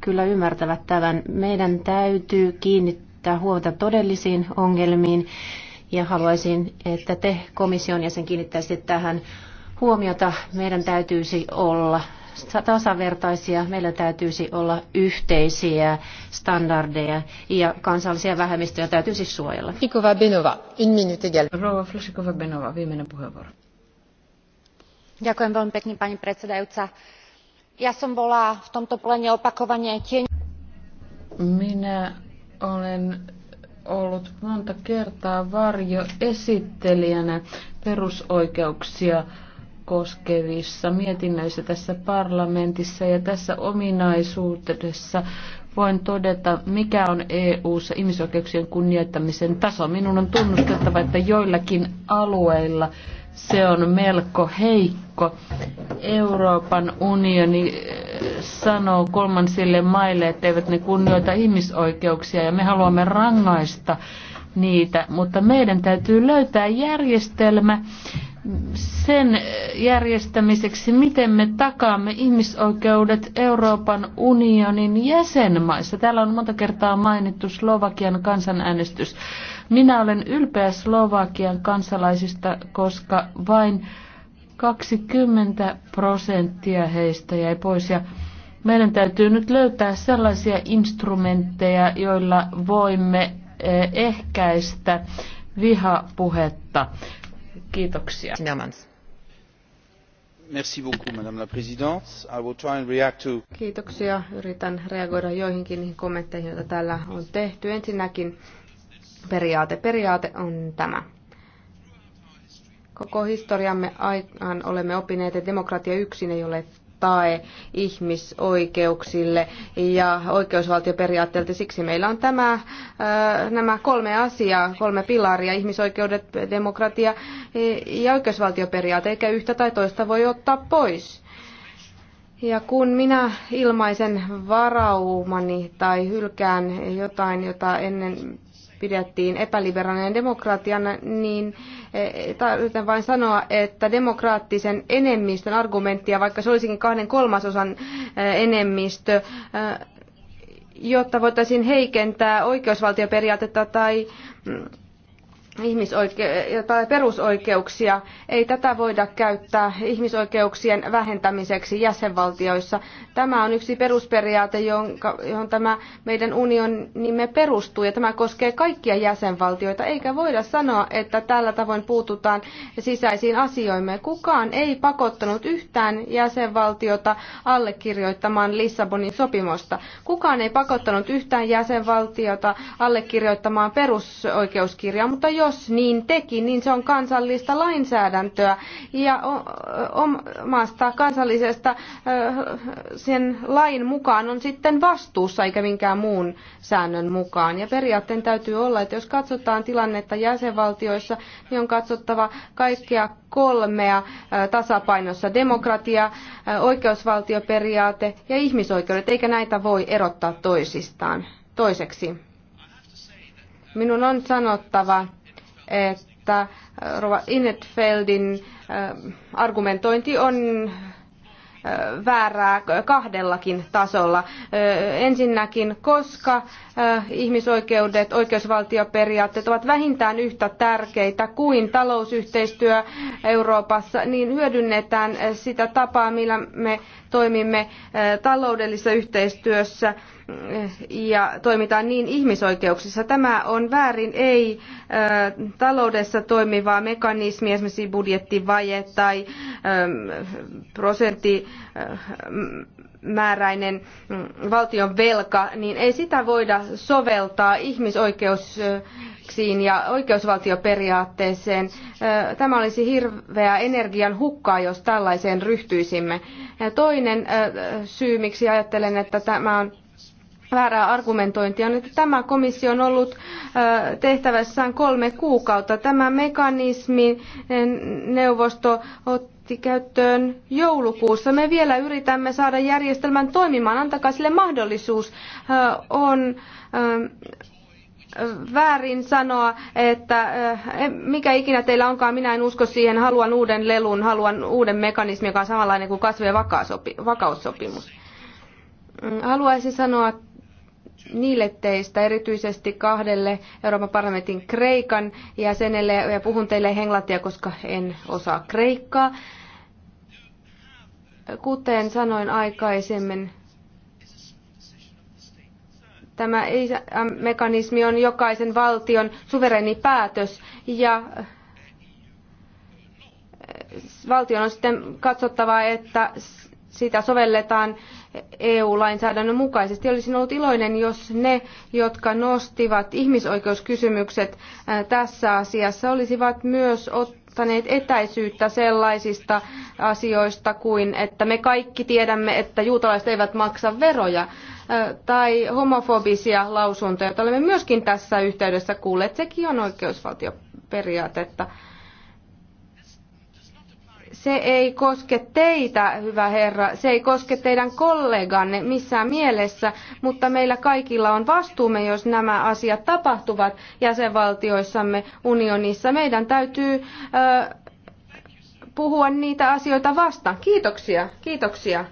[SPEAKER 2] kyllä ymmärtävät tämän. Meidän täytyy kiinnittää huolta todellisiin ongelmiin ja haluaisin, että te komission jäsen kiinnittäisitte tähän huomiota. Meidän täytyisi olla tasavertaisia, meillä täytyisi olla yhteisiä standardeja ja kansallisia vähemmistöjä täytyisi
[SPEAKER 4] suojella. Flikova Benova, yksi minuutti jälkeen. Rova Flashikova Benova, viimeinen puheenvuoro.
[SPEAKER 2] Ďakujem veľmi pekne, pani predsedajúca. Ja som bola v tomto plene
[SPEAKER 4] opakovane tieň... Minä olen ollut monta kertaa varjo esittelijänä perusoikeuksia koskevissa mietinnöissä tässä parlamentissa ja tässä ominaisuudessa voin todeta, mikä on EU-ssa ihmisoikeuksien kunnioittamisen taso. Minun on tunnustettava, että joillakin alueilla se on melko heikko. Euroopan unioni eh, sanoo kolmansille maille, että eivät ne kunnioita ihmisoikeuksia ja me haluamme rangaista niitä, mutta meidän täytyy löytää järjestelmä sen järjestämiseksi, miten me takaamme ihmisoikeudet Euroopan unionin jäsenmaissa. Täällä on monta kertaa mainittu Slovakian kansanäänestys. Minä olen ylpeä Slovakian kansalaisista, koska vain 20 prosenttia heistä jäi pois. Ja meidän täytyy nyt löytää sellaisia instrumentteja, joilla voimme e, ehkäistä vihapuhetta. Kiitoksia. Merci beaucoup, Madame la Présidente. I will try and react to...
[SPEAKER 5] Kiitoksia. Yritän reagoida joihinkin niihin kommentteihin, joita täällä on tehty. Ensinnäkin periaate. Periaate on tämä. Koko historiamme aikaan olemme opineet, että demokratia yksin ei ole tae ihmisoikeuksille ja oikeusvaltioperiaatteelta. Siksi meillä on tämä, äh, nämä kolme asiaa, kolme pilaria, ihmisoikeudet, demokratia ja oikeusvaltioperiaate, eikä yhtä tai toista voi ottaa pois. Ja kun minä ilmaisen varaumani tai hylkään jotain, jota ennen pidettiin epäliberaalinen demokratiana, niin eh, tarvitsen vain sanoa, että demokraattisen enemmistön argumenttia, vaikka se olisikin kahden kolmasosan eh, enemmistö, eh, jotta voitaisiin heikentää oikeusvaltioperiaatetta tai mm, Ihmisoikeuksia tai perusoikeuksia. Ei tätä voida käyttää ihmisoikeuksien vähentämiseksi jäsenvaltioissa. Tämä on yksi perusperiaate, jonka, johon tämä meidän unionimme perustuu, ja tämä koskee kaikkia jäsenvaltioita. Eikä voida sanoa, että tällä tavoin puututaan sisäisiin asioimme. Kukaan ei pakottanut yhtään jäsenvaltiota allekirjoittamaan Lissabonin sopimusta. Kukaan ei pakottanut yhtään jäsenvaltiota allekirjoittamaan perusoikeuskirjaa, mutta jo jos niin teki, niin se on kansallista lainsäädäntöä ja omasta kansallisesta sen lain mukaan on sitten vastuussa eikä minkään muun säännön mukaan. Ja periaatteen täytyy olla, että jos katsotaan tilannetta jäsenvaltioissa, niin on katsottava kaikkia kolmea tasapainossa demokratia, oikeusvaltioperiaate ja ihmisoikeudet, eikä näitä voi erottaa toisistaan. Toiseksi minun on sanottava, että äh, Rova Innetfeldin äh, argumentointi on äh, väärää kahdellakin tasolla. Ensinnäkin, koska ihmisoikeudet, oikeusvaltioperiaatteet ovat vähintään yhtä tärkeitä kuin talousyhteistyö Euroopassa, niin hyödynnetään sitä tapaa, millä me toimimme taloudellisessa yhteistyössä ja toimitaan niin ihmisoikeuksissa. Tämä on väärin, ei taloudessa toimivaa mekanismi, esimerkiksi budjettivaje tai prosenttimääräinen mm, valtion velka, niin ei sitä voida soveltaa ihmisoikeuksiin ja oikeusvaltioperiaatteeseen. Tämä olisi hirveää energian hukkaa, jos tällaiseen ryhtyisimme. Ja toinen syy, miksi ajattelen, että tämä on väärää argumentointia. Nyt tämä komissio on ollut tehtävässään kolme kuukautta. Tämä mekanismi e, neuvosto otti käyttöön joulukuussa. Me vielä yritämme saada järjestelmän toimimaan. Antakaa sille mahdollisuus. On väärin sanoa, että mikä ikinä teillä onkaan, minä en usko siihen, haluan uuden lelun, haluan uuden mekanismin, joka on samanlainen kuin kasvu- ja vakaussopimus. Mm, haluaisin sanoa niille teistä, erityisesti kahdelle Euroopan parlamentin Kreikan jäsenelle, ja puhun teille englantia, koska en osaa kreikkaa. Kuten sanoin aikaisemmin, tämä mekanismi on jokaisen valtion suvereni päätös, ja eh, valtion on sitten katsottava, että sitä sovelletaan EU-lainsäädännön mukaisesti. Olisin ollut iloinen, jos ne, jotka nostivat ihmisoikeuskysymykset äh, tässä asiassa, olisivat myös ottaneet etäisyyttä sellaisista asioista kuin, että me kaikki tiedämme, että juutalaiset eivät maksa veroja äh, tai homofobisia lausuntoja, joita olemme myöskin tässä yhteydessä kuulleet. Sekin on oikeusvaltioperiaatetta se ei koske teitä, hyvä herra, se ei koske teidän kolleganne missään mielessä, mutta meillä kaikilla on vastuumme, jos nämä asiat tapahtuvat jäsenvaltioissamme unionissa. Meidän täytyy ö, puhua niitä asioita vastaan. Kiitoksia, kiitoksia.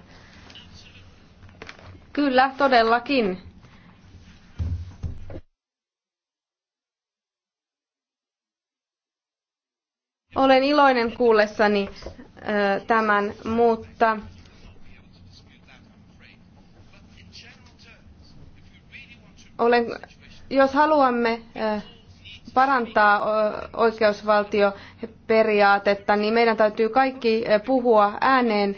[SPEAKER 5] Kyllä, todellakin. Olen iloinen kuullessani tämän, mutta olen, jos haluamme parantaa oikeusvaltioperiaatetta, niin meidän täytyy kaikki puhua ääneen.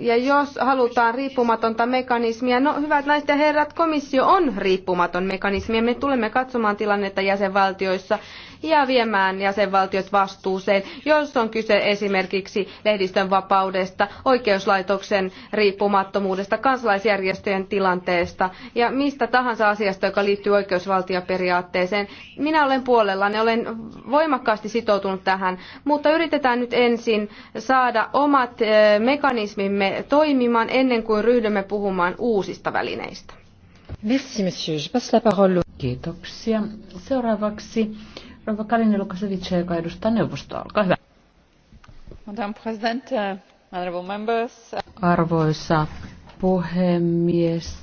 [SPEAKER 5] Ja jos halutaan riippumatonta mekanismia, no hyvät naiset ja herrat, komissio on riippumaton mekanismi ja me tulemme katsomaan tilannetta jäsenvaltioissa ja viemään jäsenvaltiot vastuuseen, jos on kyse esimerkiksi lehdistön vapaudesta, oikeuslaitoksen riippumattomuudesta, kansalaisjärjestöjen tilanteesta ja mistä tahansa asiasta, joka liittyy oikeusvaltioperiaatteeseen. Minä olen puolellani, olen voimakkaasti sitoutunut tähän, mutta yritetään nyt ensin saada omat eh, mekanismimme toimimaan ennen kuin ryhdymme puhumaan uusista välineistä.
[SPEAKER 4] Merci, monsieur. Je passe la parole. Kiitoksia. Seuraavaksi Rova Lukasevic, joka edustaa neuvostoa. Olkaa hyvä.
[SPEAKER 1] President, honorable members.
[SPEAKER 4] Arvoisa puhemies,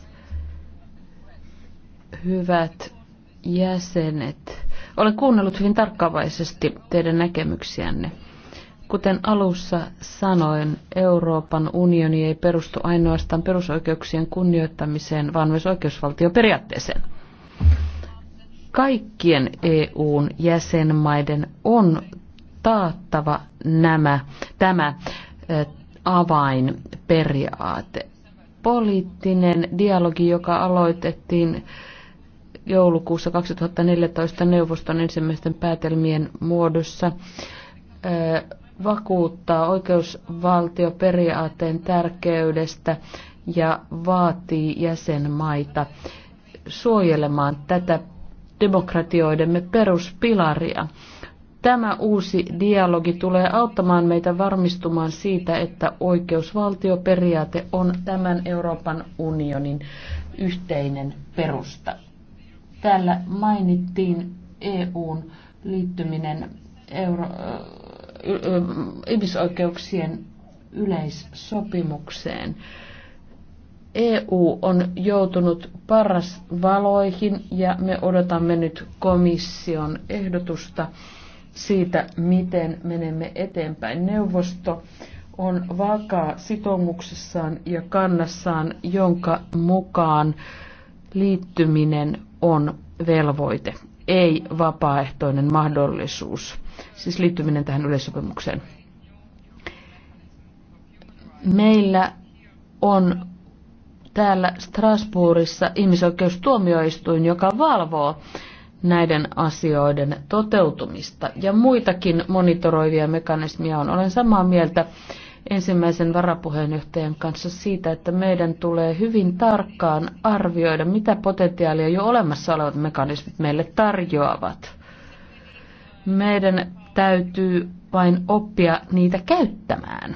[SPEAKER 4] hyvät jäsenet. Olen kuunnellut hyvin tarkkaavaisesti teidän näkemyksiänne. Kuten alussa sanoin, Euroopan unioni ei perustu ainoastaan perusoikeuksien kunnioittamiseen, vaan myös oikeusvaltioperiaatteeseen kaikkien EUn jäsenmaiden on taattava nämä, tämä avainperiaate. Poliittinen dialogi, joka aloitettiin joulukuussa 2014 neuvoston ensimmäisten päätelmien muodossa, vakuuttaa oikeusvaltioperiaatteen tärkeydestä ja vaatii jäsenmaita suojelemaan tätä demokratioidemme peruspilaria. Tämä uusi dialogi tulee auttamaan meitä varmistumaan siitä, että oikeusvaltioperiaate on tämän Euroopan unionin yhteinen perusta. Täällä mainittiin EUn liittyminen euro, ihmisoikeuksien yleissopimukseen. EU on joutunut paras valoihin ja me odotamme nyt komission ehdotusta siitä, miten menemme eteenpäin. Neuvosto on vakaa sitoumuksessaan ja kannassaan, jonka mukaan liittyminen on velvoite, ei vapaaehtoinen mahdollisuus, siis liittyminen tähän yleissopimukseen. Meillä on täällä Strasbourgissa ihmisoikeustuomioistuin, joka valvoo näiden asioiden toteutumista. Ja muitakin monitoroivia mekanismia on. Olen samaa mieltä ensimmäisen varapuheenjohtajan kanssa siitä, että meidän tulee hyvin tarkkaan arvioida, mitä potentiaalia jo olemassa olevat mekanismit meille tarjoavat. Meidän täytyy vain oppia niitä käyttämään.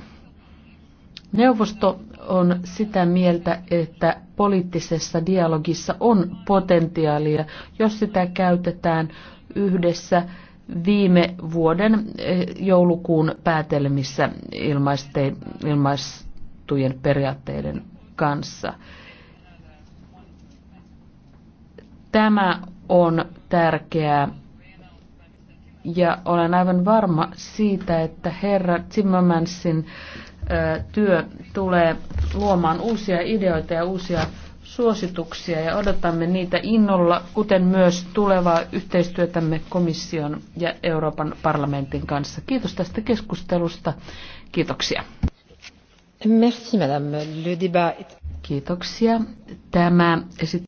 [SPEAKER 4] Neuvosto on sitä mieltä, että poliittisessa dialogissa on potentiaalia, jos sitä käytetään yhdessä viime vuoden eh, joulukuun päätelmissä ilmaistujen periaatteiden kanssa. Tämä on tärkeää ja olen aivan varma siitä, että herra Zimmermansin työ tulee luomaan uusia ideoita ja uusia suosituksia ja odotamme niitä innolla, kuten myös tulevaa yhteistyötämme komission ja Euroopan parlamentin kanssa. Kiitos tästä keskustelusta. Kiitoksia. Merci, madame. Le débat... Kiitoksia. Tämä esit-